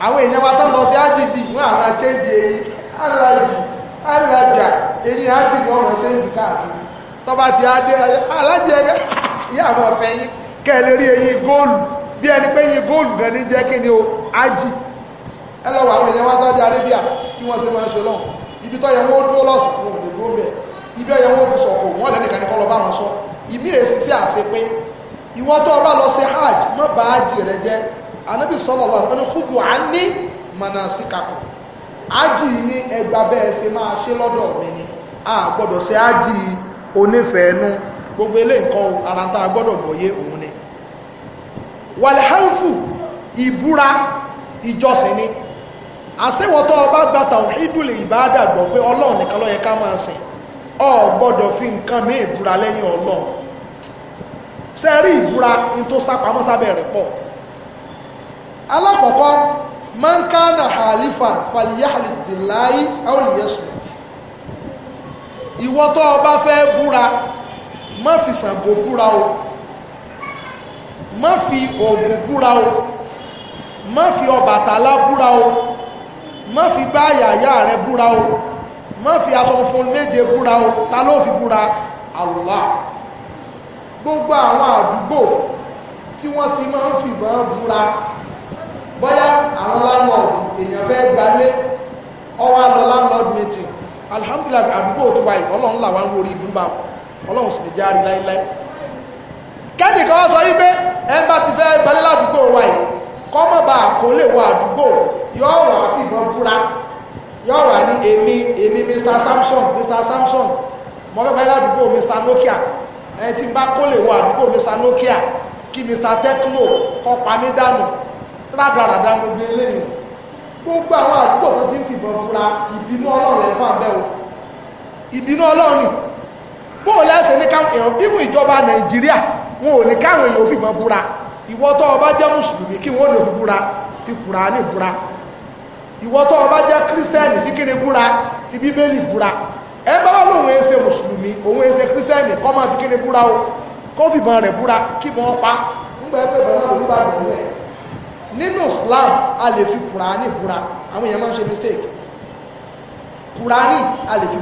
A: àwọn èèyàn wa tó lọ sí ájìbì wọn àwọn akéde eyín alájì alájà eyín ájìbì ọmọ ṣéǹdì káàkiri tọ́ba ti adé alájẹ ìyá àwọn ọ̀fẹ́ yín kẹ́lẹ́ rí eyín góòlù bí ẹni pé eyín góòlù gan ní jẹ́ kí ni o ájì ẹ lọ wà àwọn èèyàn wa sáájú arábíà bí wọ́n ṣe máa ń ṣe lọ́hùn ibi tó yẹ wọ́n dúró lọ́sùn fún òdòdó mẹ́ ibi ọ̀yẹ́ wọ́n ti sọ̀kò wọ́n lẹ́nu ìkànnì kọ́ lọ bá wọn sọ ìmí èsì sí àṣepé ìwọ́n tó ọba lọ sí hajj mọ́ bá hajj rẹ jẹ́ anabi sallallahu alaihi wasallam khudhu anni manasikakum ájì yín ẹgbà bẹ́ẹ̀ ṣe máa ṣe lọ́dọ̀ mi ni a gbọ́dọ̀ ṣe ájì onífẹ̀ẹ́nu gbogbo ilé nǹkan ara tá a gbọ́dọ̀ gbọ́yé òun ni wàlẹ́hánfù ìbúra ìjọsìn ni àṣewọ́tọ́ ọba gba tàwídùlẹ̀ ìbáàdà gbọ́ pé ọlọ́run nìkan ló yẹ ká máa sìn ọ gbọ́dọ̀ fi nǹkan mí ìbúra lẹ́yìn ọlọ́run ṣe ìbúra ní tó sápamọ́ rẹ̀ pọ̀ alákọ̀ọ́kọ́ man kana halifan falyahlif billahi aw liyasmut ìwọ tó o bá fẹ́ búra má fi Ṣàngó búra o má fi Ògún búra o má fi Ọbàtálá búra o má fi bá yàyà rẹ búra o má fi aṣọ funfun méje búra o ta ló fi búra Allah gbogbo àwọn àdúgbò tí wọ́n ti máa ń fìbọn búra bóyá àwọn landlord èèyàn fẹ́ gbalé ọwọ́ lọ landlord meeting alhamdulillah àdúgbò tó wáyé ọlọ́run làwọn ń wọrí ibùba ọlọ́run sì lè járe láéláé kẹ́nìkan wá sọ yí pé ẹ bá ti fẹ́ gbalé ládùúgbò wáyé kọ́mọ̀bà àkọlé wọ àdúgbò yóò wà fìbọn búra yóò wà ní èmi èmi mr samson mr samson mo fẹ́ gbalé ládùúgbò mr nokia ẹ ti bá kọ́lé wọ àdúgbò mr nokia kí mr tekno kọ́ pa mí dànù rádaràdà gbogbo eléyìí gbogbo àwọn àdúgbò tó ti ń fìbọn kura ìbínú ọlọ́run ẹ̀fọ́ àbẹ́ o ìbínú ọlọ́run ni bóò lẹ́sẹ̀ ní káwọn èèyàn even ìjọba nàìjíríà wọn ò ní káwọn èèyàn fìbọn búra ìwọ tó o bá mùsùlùmí kí wọ́n lè fi búra fi kùránì búra ìwọ tó o bá jẹ́ fi kéde búra fi bíbélì búra ẹ bá wà lóun ẹsẹ mùsùlùmí òun ẹsẹ kírísítẹ́nì kọ́ máa fi kéde búra o kó fìbọn rẹ̀ búra kí wọ́n pa nígbà ẹgbẹ́ ìbọn nínú Islam a lè fi kùránì búra àwọn èèyàn máa ń ṣe mistake a lè fi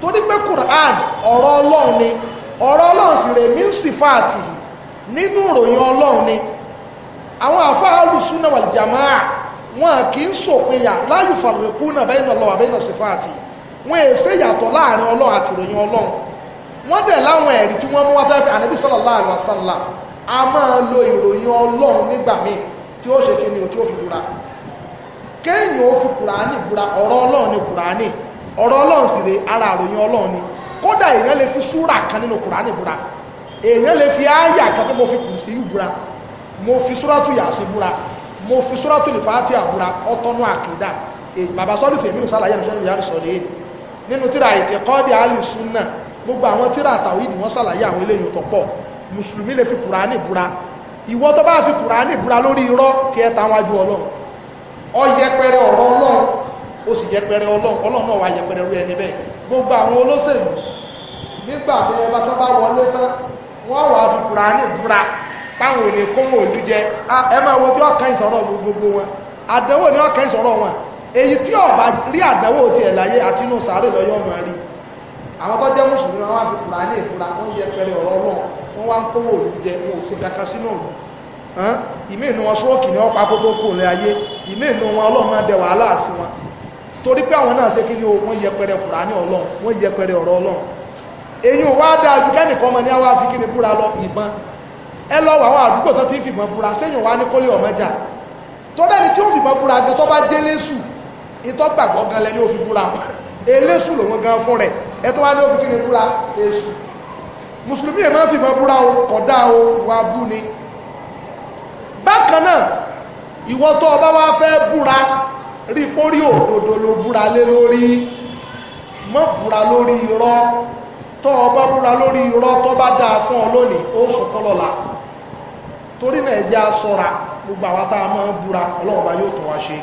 A: torí pé ọ̀rọ̀ ọlọ́run ni ọ̀rọ̀ ọlọ́run sì rè mí nínú ìròyìn ni àwọn jamaa wọn kì í sòpinya láyù fàlùkù náà bẹ́ẹ̀ náà lọ àbẹ́ẹ̀ wọn èsè yàtọ̀ láàrin ọlọ́run àti ìròyìn ọlọ́run wọ́n dẹ̀ láwọn ẹ̀rí tí wọ́n mú wá tẹ́lẹ̀ a máa lo ìròyìn ọlọ́run nígbà míì tí ó ṣe kíni o tí ó fi búra kéèyàn ó fi kùránì búra ọ̀rọ̀ ọlọ́run ni kùránì ọ̀rọ̀ ọlọ́run sì rè ara ìròyìn ọlọ́run ni kódà èèyàn lè fi súrà kan nínú kùránì búra èèyàn lè fi ááyà kan pé mo fi kùrù sí ìbúra mo fi súrátù yàsí búra mo fi súrátù lìfàátì àbúra ọtọ́nú àkìdá bàbá sọ́ọ́lù fèmí sàlàyé ẹ̀mí sọ́ọ́lù yàrá sọ̀rọ̀ yìí nínú tíra ìtẹ̀kọ́dì alìsúnà gbogbo mùsùlùmí lè fi kùránì búra ìwọ tó bá fi kùránì búra lórí irọ́ tí ẹ ta wájú ọlọ́run ọ yẹpẹrẹ ọ̀rọ̀ ọlọ́run ó sì yẹpẹrẹ ọlọ́run ọlọ́run náà wá yẹpẹrẹ rú ẹni bẹ́ẹ̀ gbogbo àwọn olóṣèlú nígbà tó yẹ bá tó bá wọlé tán wọ́n wàá fi kùránì búra páwọn ò ní kówó òlú jẹ ẹ máa wo tí ọkàn ìsọ̀rọ̀ gbogbo wọn àdánwò ní ọkàn ìsọ̀rọ̀ wọn èyí tí ọba rí àdánwò tiẹ̀ láyé àti inú sàárè lọ́yọ́ máa rí àwọn tó jẹ́ mùsùlùmí wọn wá fi kùránì ìbúra wọn yẹpẹrẹ ọ̀rọ̀ ọlọ́run wọ́n wá ń kówó òlú jẹ wọn ò ti kankan sínú òlú ìmí ìnú wọn ṣọ́ọ̀kì ní ọ̀pá kó tó kò lẹ́ ayé ìmí ìnú wọn ọlọ́run máa dẹ wàhálà sí wọn torí pé àwọn náà ṣe kí ni o wọ́n yẹpẹrẹ Kùránì ọlọ́run wọ́n yẹpẹrẹ ọ̀rọ̀ ọlọ́run èyí ò wá dáa ju kẹ́nìkan ọmọ ní àwọn afikini búra lọ ìbọn ẹ lọ wọ àwọn àdúgbò tó ti ń fìbọn búra sẹ́yìn wá ní kọ́lé ọ̀mọ́jà tọ́lá ẹni tí ó fìbọn búra gan tó bá dé lẹ́sù ìtọ́ gbàgbọ́ gan lẹ́ni ó fi búra eléṣù lòun gan fún rẹ̀ ẹ tó wá ní ó fi kí ni búra èṣù mùsùlùmí ẹ̀ máa fi ìbọn búra o kódà o ìwà bú ni bákan náà ìwọ tó o bá fẹ́ búra rí pórí òdodo ló búra lé lórí mọ́ búra lórí irọ́ tó o búra lórí irọ́ tó bá dáa fún ọ lónìí ó sọ̀kọ́ lọ́la torí náà ẹ á ṣọ́ra gbogbo àwa tá a máa ń búra ọlọ́run bá yóò tún wá ṣe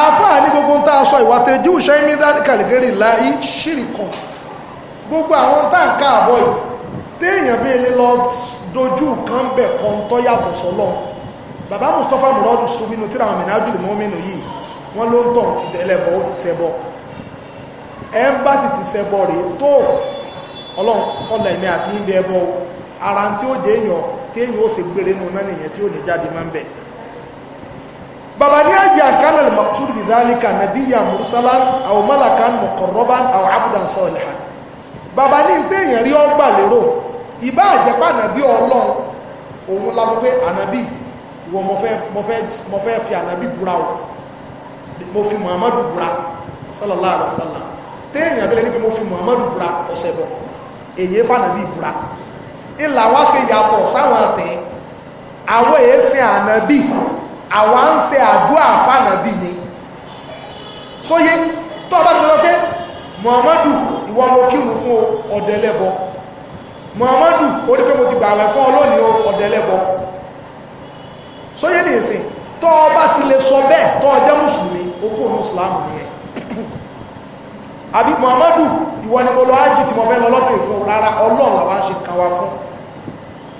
A: àáfàá ní gbogbo ń tá a sọ ìwà tẹ́jú ṣẹ́mí dálíkàlẹ́gẹ́rì láì ṣìrìkàn gbogbo àwọn táǹkà àbọ̀ yìí téèyàn bí ilé lọ dojú kan bẹ̀ kọ́ńtọ́ yàtọ̀ sọ́lọ́ bàbá Mustapha Muradu subinu tíra àwọn mìnàjú lè mọ́mìnà yìí wọ́n ló ń tàn ti ẹlẹ́bọ̀ ó ti ṣẹbọ ẹmbásì ti ṣẹbọ rèé tó ọlọ́run kọlẹ̀ ìmẹ́ àti ìbí ẹbọ ara tí ó jẹ́ èèyàn tí èèyàn ó ṣe gbére nù náà nìyẹn tí ó lè jáde máa ń bẹ̀ bàbá ní ayé àkánà lè bìdálíkà nàbíyà mùsálà àwọn mọ́làkà mọ̀kọ̀rọ́bà àwọn abúdàn sọ̀lẹ̀ bàbá ní téèyàn rí ọgbà lérò ìbá àjẹpá ànàbí ọlọ́run òun la sọ pé ànàbí ìwọ mo fẹ́ fi ànàbí búra o mo fi muhammadu búra sallallahu alaihi wasallam téèyàn bẹ́lẹ̀ níbi mo fi muhammadu búra ọ̀sẹ̀ bọ̀ èyí fànàbí búra ìlà wá fi yàtọ̀ sáwọn àtẹ̀ àwọn èyí sin ànàbí àwa ń ṣe àdúrà fànàbí ni sóyé tó ọba tó lọ pé muhammadu ìwọ mo kírun fún ọ̀dẹ́lẹ́bọ muhammadu ó ní pé mo ti bàwẹ̀ fún ọlọ́ni ọ̀dẹ́lẹ́bọ sóyè ní ìsìn tọ́ ọba ti lè sọ bẹ́ẹ̀ tọ́ ọjọ́ mùsùlùmí okú òun ìsìláàmù nìyẹn àbí muhammadu ìwọ ni mo lọ ájì tí mo fẹ́ lọ lọ́dún ìfún rárá ọlọ́run làwa ń ṣe kan wa fún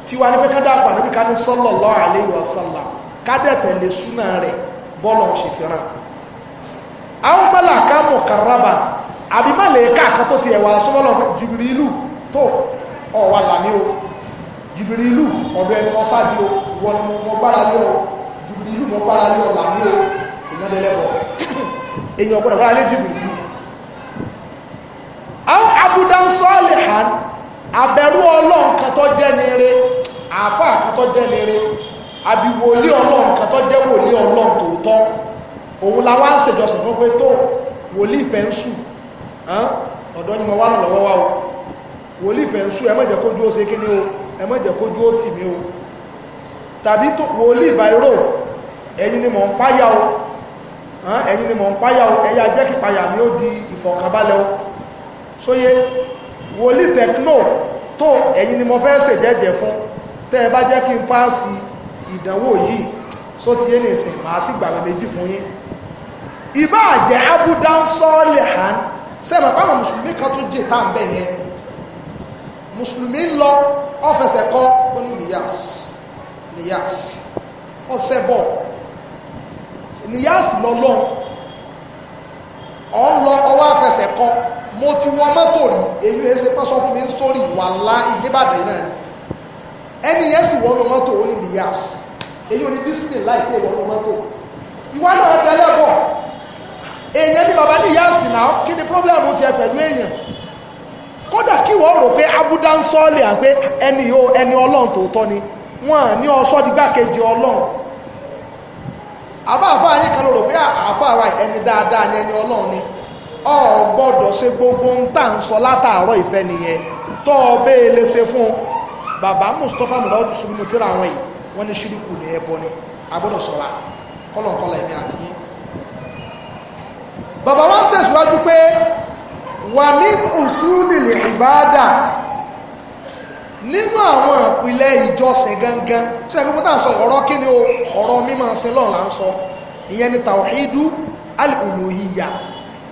A: tiwa ní pé ká dàgbà níbi ká ní sallallahu alaihi wasallam ká dẹ̀ tẹ̀lé súnà rẹ̀ bọ́ọ̀lù ọ̀ṣẹ̀fẹ́ràn àwọn mọ́là ká mọ̀ káràbà àbí má lè káàkan tó ti ẹ̀wà sọ́mọ́lọ̀ jìbìrì ìlú tó ọ̀wà làmí o jìbìrì ìlú ọ̀dọ̀ ẹni mọ́ sáàbí o wọ́n mọ́ gbára lé o jìbìrì ìlú mọ́ gbára lé o làmí o èèyàn dẹlẹ́bọ̀ èèyàn gbọ́dọ̀ gbára lé jìbìrì ìlú. àwọn abudan salihan abẹ̀rú ọlọ́run kan tó jẹ́ nire àáfàá kan tó jẹ́ nire àbí wòlíì ọlọ́run kan tó jẹ́ wòlíì ọlọ́run tòótọ́ òun la wá ń ṣèjọsìn fún pé tó ọ̀dọ́ yìí mo wá nà lọ́wọ́ wá o wòlíì pẹ̀nsú ẹ má jẹ́ kójú ó ṣe kí ni o ẹ má jẹ́ kójú ó tì mí o tàbí wòlíì bàírò ẹ̀yin ni mò ń páyà o ẹ̀yin ni mò ń páyà o ẹ̀yà jẹ́ kí páyà mi ó di ìfọ̀kànbalẹ̀ o sóyé wòlíì tẹ̀kínò tó ẹ̀yin ni mo fẹ́ ṣèjẹ́jẹ́ fún tẹ́ ẹ bá jẹ́ kí n páàsì ìdánwò yìí só ti yé nìsín màá sì gbàgbé méjì fún yín ìbáà jẹ́ abúdá ń sọ́ọ́lẹ̀ hàn sẹ́nà báwọn mùsùlùmí kan tún jè tá à ń bẹ̀ yẹn mùsùlùmí ń lọ ọ́fẹsẹ̀ kọ́ ó ní nìyàs nìyàs ọ̀sẹ̀ bọ̀ nìyàs lọ́lọ́n ọ̀ ń lọ ọwọ́ àfẹsẹ̀ kọ́ mo ti wọ mọ́tò rí èyí ẹ ṣe pásọ fún mi ń sórí wàláhì Ìbàdàn náà ni ẹni yẹn sì wọnú mọ́tò ó ní nìyàs èyí ò ní bísí láì tẹ̀ wọnú mọ́tò ìwà náà tẹ́lẹ̀ bọ̀ èèyàn ní baba ní yáàsì náà kí ni pírọ́blẹ́mù tiẹ̀ pẹ̀lú èèyàn kódà kí wọ́n rò pé abúdá ń sọ́ọ̀lì à pé ẹni o ẹni ọlọ́run tòótọ́ ni wọ́n à ní ọsọ́ di gbákejì ọlọ́run àbá àfa ayé kan ló rò pé àfa ara ẹni dáadáa ni ẹni ọlọ́run ni ọ gbọ́dọ̀ ṣe gbogbo ń tà ń sọ látàárọ̀ ìfẹ́ nìyẹn tó o bẹ́ẹ̀ lè ṣe fún un bàbá Mustapha muradu sunu tẹ́lẹ̀ àwọn yìí wọ́n ní ṣíríkù ní ẹbọ ni a gbọ́dọ̀ sọ̀ra kọ́lọ̀kọ́lọ̀ ẹ̀mí
B: bàbá wa ń tẹ̀síwájú pé
A: wà ní usulil ìbáàdà nínú àwọn ìpìlẹ̀ ìjọsìn gangan ṣe ẹgbẹ́ tá à ń sọ ọ̀rọ̀ kí ni o ọ̀rọ̀ mímọ́ ṣe lọ́n là ń sọ ìyẹn ni tàwíìdù alìlòhìyà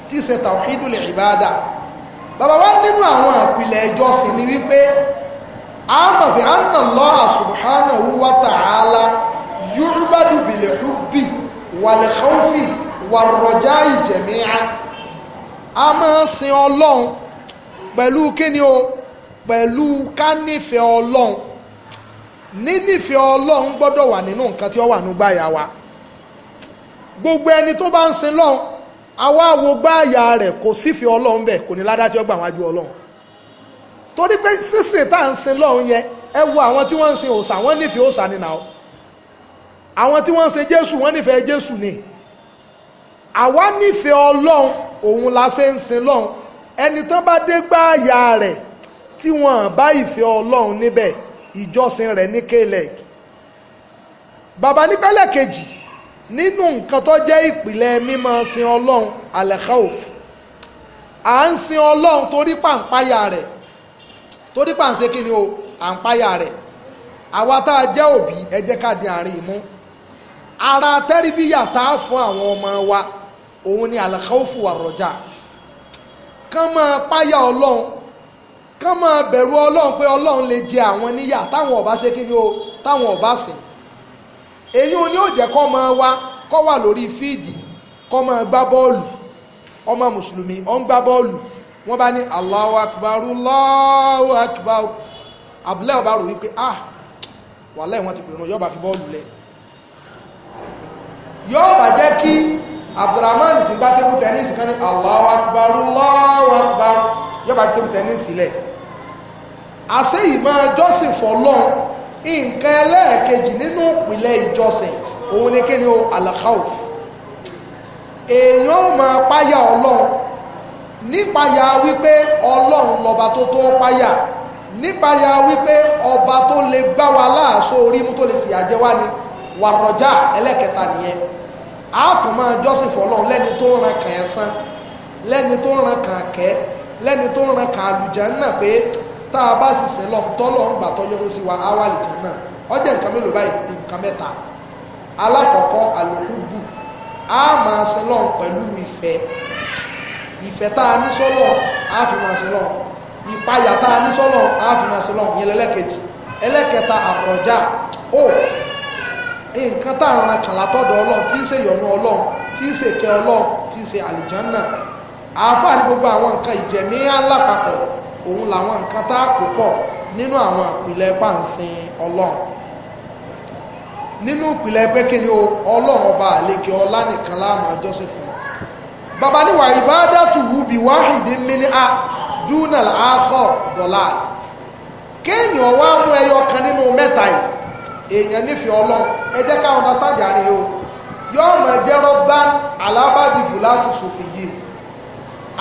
A: tí ṣe tàwíìdù lè ìbáàdà bàbá wa nínú àwọn ìpìlẹ̀ ìjọsìn ni wípé a mọ̀ pé anna Allah subhanahu wa ta'ala yu'badu bil hubbi wal khawfi wàrọ̀já ìjẹ̀míà a máa ń sin ọlọ́run pẹ̀lú kíni o pẹ̀lú ká nífẹ̀ẹ́ ọlọ́run nínífẹ̀ẹ́ ọlọ́run gbọ́dọ̀ wà nínú nǹkan tí ó wà nígbà yà wa gbogbo ẹni tó bá ń sin lọ́run àwa wo gbáàyà rẹ̀ kò sífẹ̀ẹ́ ọlọ́run bẹ̀ kò ní ládá tí ó gbà wájú ọlọ́run torí pé sísìn tá à ń sin lọ́run yẹn ẹ wo àwọn tí wọ́n ń sin òòṣà wọ́n nífẹ̀ẹ́ òòṣà nínà o àwọn tí wọ́n ń sin jésù wọ́n nífẹ̀ẹ́ jésù ni. Fe, àwa nífẹ̀ẹ́ ọlọ́run òun la ṣe ń sin lọ́run ẹni tán bá dé gbá àyà rẹ̀ tí wọ́n bá ìfẹ́ ọlọ́run níbẹ̀ ìjọsìn rẹ̀ ní kélẹ̀ bàbá nípẹ́lẹ̀ kejì nínú nǹkan tó jẹ́ ìpìlẹ̀ mímọ́ sin ọlọ́run alekhauf à ń sin ọlọ́run torí pàǹpáyà rẹ̀ torí pàǹsẹ́ kí ni o àǹpáyà rẹ̀ àwa tá a jẹ́ òbí ẹ jẹ́ ká di àárín ìmú ara tẹ́rìbíyà tá a fún àwọn ọmọ wa òun ni àlàkáwòfù àrọ̀jà kán máa páyà ọlọ́run kán máa bẹ̀rù ọlọ́run pé ọlọ́run lè jẹ àwọn níyà táwọn ọba ṣe kíni o táwọn ọba sìn èyí ni ó jẹ́ kọ́ máa wá kọ́ wà lórí fíìdì kọ́ máa gbá bọ́ọ̀lù ọmọ mùsùlùmí ó ń gbá bọ́ọ̀lù wọ́n bá ní Allahu Akbar Allahu Akbar abúlé ọba rò wípé ah wàhálà ìwọ̀n ti pè é ràn yọ́ọ̀bà fi bọ́ọ̀lù lẹ̀ yọ́ọ̀bà jẹ́ kí
B: abdulrahman ti gbá tébù tẹ́nísì kan ní Allahu Akbar Allahu Akbar
A: yọba ti tébù tẹ́nísì lẹ̀ àṣeyìí máa jọ́sìn fọlọ́n nǹkan ẹlẹ́ẹ̀kejì nínú ìpìlẹ̀ ìjọsìn òun ni kí ni o alakhauf èèyàn ó máa páyà ọlọ́run nípayà wípé ọlọ́run lọ́ba tó tó páyà nípayà wípé ọba tó lè gbá wa láàṣọ orí mú tó lè fìyà jẹ wá ni wàrọ̀jà ẹlẹ́kẹta nìyẹn àátọ́ máa jọ́sìn fọlọ́run lẹ́ni tó ń ran kàn ẹ́ sán lẹ́ni tó ń ran kàn kẹ́ lẹ́ni tó ń ran kàn àlùjánnà pé tá a bá sì sẹ́lọ̀ tọ́lọ̀ ń gbà tọ́jọ́ sí wa áwàlì kan náà ọjọ́ nǹkan mélòó báyìí nǹkan mẹ́ta alákọ̀ọ́kọ́ àlòkùbù á máa sẹ́lọ̀ pẹ̀lú ìfẹ́ ìfẹ́ tá a ní sọ́lọ̀ á fi máa sẹ́lọ̀ ìpayà tá a ní sọ́lọ̀ á fi máa sẹ́lọ̀ ìyẹn lẹ́lẹ́kejì ẹlẹ́kẹta àkọ̀rọ̀já hope nǹkan tá à ń ra kàlá tọ́dọ̀ ọlọ́run tí ń ṣe ìyọnu ọlọ́run tí ń ṣe ìkẹ́ ọlọ́run tí ń ṣe àlìjánà àáfàá ní gbogbo àwọn nǹkan ìjẹ̀mí alápapọ̀ òun làwọn nǹkan tá a kó pọ̀ nínú àwọn ìpìlẹ̀ pàǹsìn ọlọ́run nínú ìpìlẹ̀ pé kí ni ọlọ́run ọba àlekè ọlá nìkan láàmú ọjọ́sìn fún un
B: bàbá níwà ìbádàtù
A: wùbí wáhìdí mini a dúnà àkọ́ dọ̀là kéèyàn wá mú ẹyọ kan nínú mẹ́ta yìí èèyàn nífẹ̀ẹ́ ọlọ́run ẹ jẹ́ ká understand àárín o yóò mọ̀ ẹ jẹ́ rọ́bà alábàdìbò láti sòfin yìí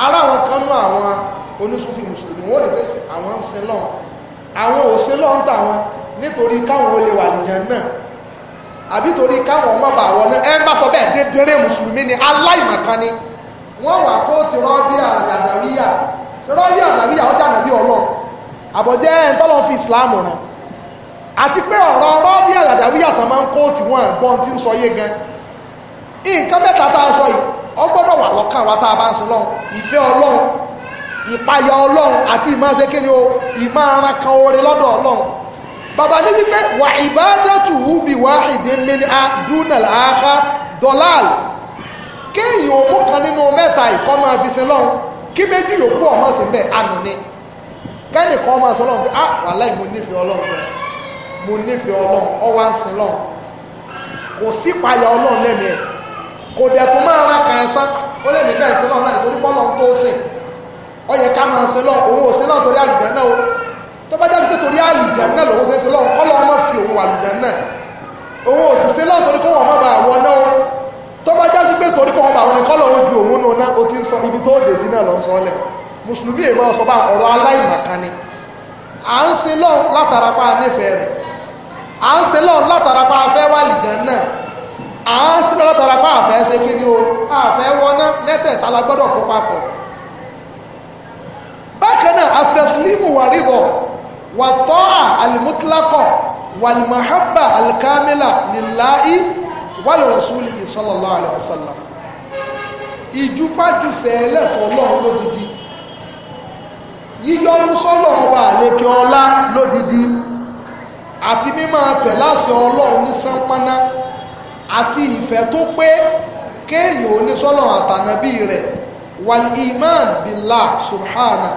A: ara àwọn kan mú àwọn onísùfin mùsùlùmí wọn ò lè pè sí àwọn ń sin lọ́n àwọn ò sin lọ́n tàwọn nítorí káwọn olè wà nìyẹn náà àbí torí káwọn ọmọ bá wọn náà ẹ ń bá sọ bẹ́ẹ̀ dédéré mùsùlùmí ni aláìmọ̀kan ni wọ́n wà kóòtù rọ́bì àdàwíyà rọ́bì àdàwíyà ọjà nàbí ọlọ́ àbọ̀jẹ́ ẹ̀ ń tọ́lọ́ fi ìsìláàmù ràn àti pé ọ̀rọ̀ ọ̀rọ̀ bí àdàdà wíyà tán máa ń kó tí wọ́n gbọ́n tí ń sọ yé gan nǹkan mẹ́ta tá a sọ yìí ó gbọ́dọ̀ wà lọ́kàn wa tá a bá ń sin lọ́hùn ìfẹ́ ọlọ́hun ìpayà ọlọ́hun àti ìmáṣe kí ni o ìmáara kan oore lọ́dọ̀ ọlọ́hun bàbá ní wípé wà ìbádẹ́tù wúbi wáhìdín mini adúnàlá áhá dọ́làl kéèyàn òmú kan nínú mẹ́ta ìkọ́ máa fi sin lọ́hùn kí méjì yòókù ọmọ sí bẹ́ẹ̀ àná ni kẹ́nìkan máa sọ pé ah wàhálà ìmọ̀ nífẹ̀ẹ́ ọlọ́hun bẹ́ẹ̀ mo nífẹ̀ẹ́ ọlọ́run ọwá ń sin lọ́run kò sí payà ọlọ́run lẹ́mìí ẹ̀ kò dẹ̀ tó máa ra kàn sán ó lè ní kàn sí lọ́run náà nítorí pọ́lọ́run tó sìn ọ yẹ ká máa sin lọ́run òun ò sin lọ́run torí àlùjẹ́ náà o tó bá jáde pé torí àlùjẹ́ náà lòun ṣe sin lọ́run kọ́lọ́run má fi òun àlùjẹ́ náà òun ò sì sin lọ́run torí kọ́wọ́n má bàa wọ náà o tó bá jáde pé torí kọ́wọ́n bàa wọ ni kọ́lọ́run ju òun nù náà o ti ń sọ ibi tó dé sí náà lọ́ sọ lẹ̀ mùsùlùmí èèmọ̀ sọ bá ọ̀rọ̀ aláìmọ̀kan ni à ń sin lọ́run látara pa nífẹ̀ẹ́ rẹ̀ à ń ṣe lọ́run látara pa afẹ́ wà lìjẹ́ náà à ń ṣe lọ́run látara pa àfẹ́ ṣe kí ni o àfẹ́ wọná mẹ́tẹ̀ẹ̀ta la gbọ́dọ̀ kó papọ̀ bákan náà àtẹ̀sílímù wà ríbọ̀ wà tọ́à àlìmútílákọ̀ wàlìmọ̀hábà alìkámílà níláì wàlìrọ̀súlì sallallahu alaihi wasallam ìjúpájúfẹ́ ẹlẹ́fọ́ lọ́run lódìdí yíyọ́nú sọ́lọ́run bá àlekẹ́ lódìdí àti mímọ́ tẹ̀ láṣẹ ọlọ́run ní sánpáná àti ìfẹ́ tó pé kéèyàn onísọ́lọ̀ àtànábí rẹ̀ wal iman billah subhana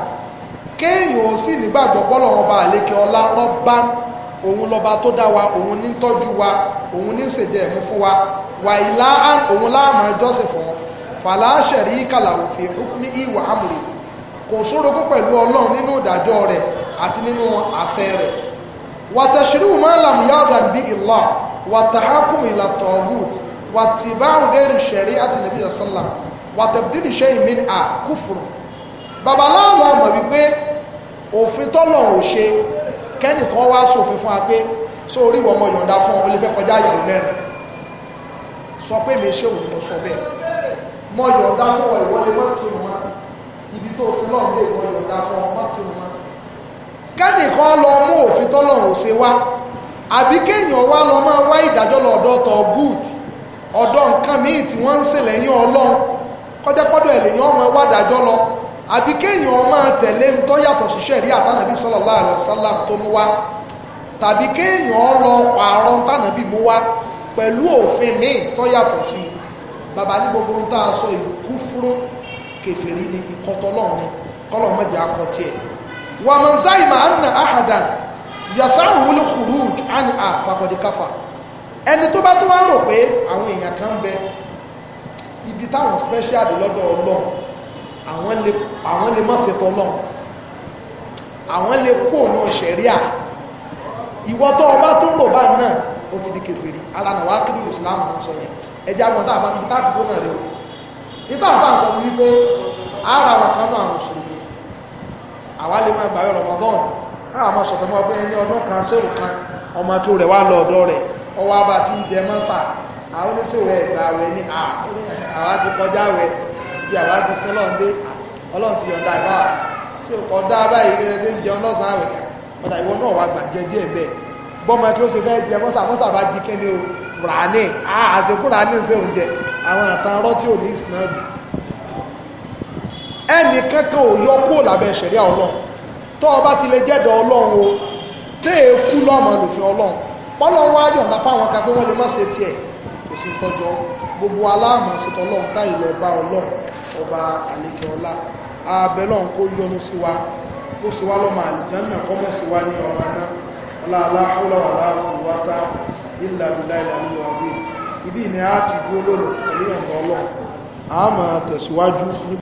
A: kéèyàn ó sì nígbàgbọ́ bọ́lọ̀ wọn bá àlékè ọlá rọ́bán òun lọ́ba tó dá wa òun ní tọ́jú wa òun ní ṣèjẹ́ ẹ̀mú fún wa wà ilá òun láàmú ẹjọ́sìn fún fàlàṣẹ̀rí kàlàwò fi hukmi ìwà amri kò sórogún pẹ̀lú ọlọ́run nínú ìdájọ́ rẹ̀ àti nínú àṣẹ rẹ̀ wàtàṣírù máa làm yáàdà bí ìlà wàtàhákùn ìlà tọ̀gùt wàtìbáàrùn gẹ́rì ṣẹ̀rí àti nàbí ìsọ́là wàtàbídìí ṣe ìmìn à kúfùrù
B: babaláwo àmọ̀ wípé
A: òfin tọ́lọ̀ ò ṣe kẹ́nìkan wá sófin fún wa pé só orí wọn mọ yọ̀ǹda fún ọ lè fẹ́ kọjá ìyàwó mẹ́rin sọ pé mi ṣé òun mo sọ bẹ́ẹ̀ mọ yọ̀ǹda fún ọ ìwọlé mọ́tò wọn ibi tó sin náà lè mọ yọ̀ǹda fún ọ mọ́tò wọn kẹ́nìkan lọ mú òfin tọ́lọ́run ṣe wá àbí kéèyàn wá lọ máa wá ìdájọ́ lọ ọ̀dọ̀ tọ̀ good ọ̀dọ̀ nǹkan míì tí wọ́n ń ṣe lẹ́yìn ọlọ́run kọjá pọ́dọ̀ ẹ̀ ọmọ wá lọ àbí kéèyàn máa tẹ̀lé ń yàtọ̀ ṣiṣẹ́ àtànàbí wá tàbí kéèyàn lọ pààrọ̀ tànàbí mú wá pẹ̀lú òfin míì sí i bàbá ní gbogbo ń tá ìlú kèfèrí ni wa man za'ima anna ahadan yasahu wuli khuruj ani a fakọ̀dí kafa ẹni tó bá tó wá rò pé àwọn èèyàn kan bẹ ibi táwọn special lọ́dọ̀ ọlọ́run àwọn lè àwọn lè mọ̀sẹ̀ tọ́lọ́run àwọn lè kó náà ṣẹ̀ríà ìwọ tó ọba tó ń rò bá náà ó ti di kèfèrí ara náà wàá kílù Islam náà sọ yẹn ẹjẹ àwọn tá a bá ibi tá a ti gbóná rẹ o ní tá a bá sọ ní wípé ara wọn kan náà àwọn sùn àwa lè máa gbàwẹ̀ Ramadan àwọn ọmọ sọ̀tọ̀ mọ́ pé ẹni ọdún kan sẹ́rù kan ọmọ tó rẹ̀ wá lọ ọ̀dọ̀ rẹ̀ ọwọ́ abá ti ń jẹ mọ́sà àwọn oníṣòwò ẹ̀gbà wẹ̀ ni àwa ti kọjá wẹ̀ bí àwa ti sin lọ́n dé ọlọ́run ti yọ̀ǹda ìbá wa ṣé ọ̀dà báyìí rẹ̀ tó ń jẹun lọ́sàn-án àwẹ̀ ọ̀dà ìwọ náà wà gbà jẹ díẹ̀ bẹ́ẹ̀ bọ́mọ kí ó ṣe fẹ́ jẹ mọ́sà mọ́sà bá di kẹ́ni o fúrání àti fúrání ṣe oúnjẹ àwọn àtàrọ́ tí ò ní ìsìn náà dùn ẹnì kankan ò yọ kúrò lábẹ́ ṣẹ̀ríà ọlọ́run tó o bá ti lè jẹ́dọ̀ ọlọ́run o tẹ́ ẹ kú lọ́mọ lòfin ọlọ́run ọlọ́run á yọ̀ǹda fáwọn kan pé wọ́n lè má ṣe tiẹ̀ kò sí tọ́jọ́ gbogbo aláàmọ̀ ṣètò ọlọ́run táyì lọ bá ọlọ́run ọba àlekè ọlá abẹ lọ́run kó yọ́nú sí wa kó sí wa lọ́mọ àlìjánná kọ́ mọ́ sí wa ní ọmọ aná ọláàlá ọlọ́wàlá ọlọ́wàtá ìlà bìlà ìlà ní ìwádìí ibi ni a ti dúró lónìí pẹ̀lú ọ̀dọ́ ọlọ́run a máa tẹ̀síwájú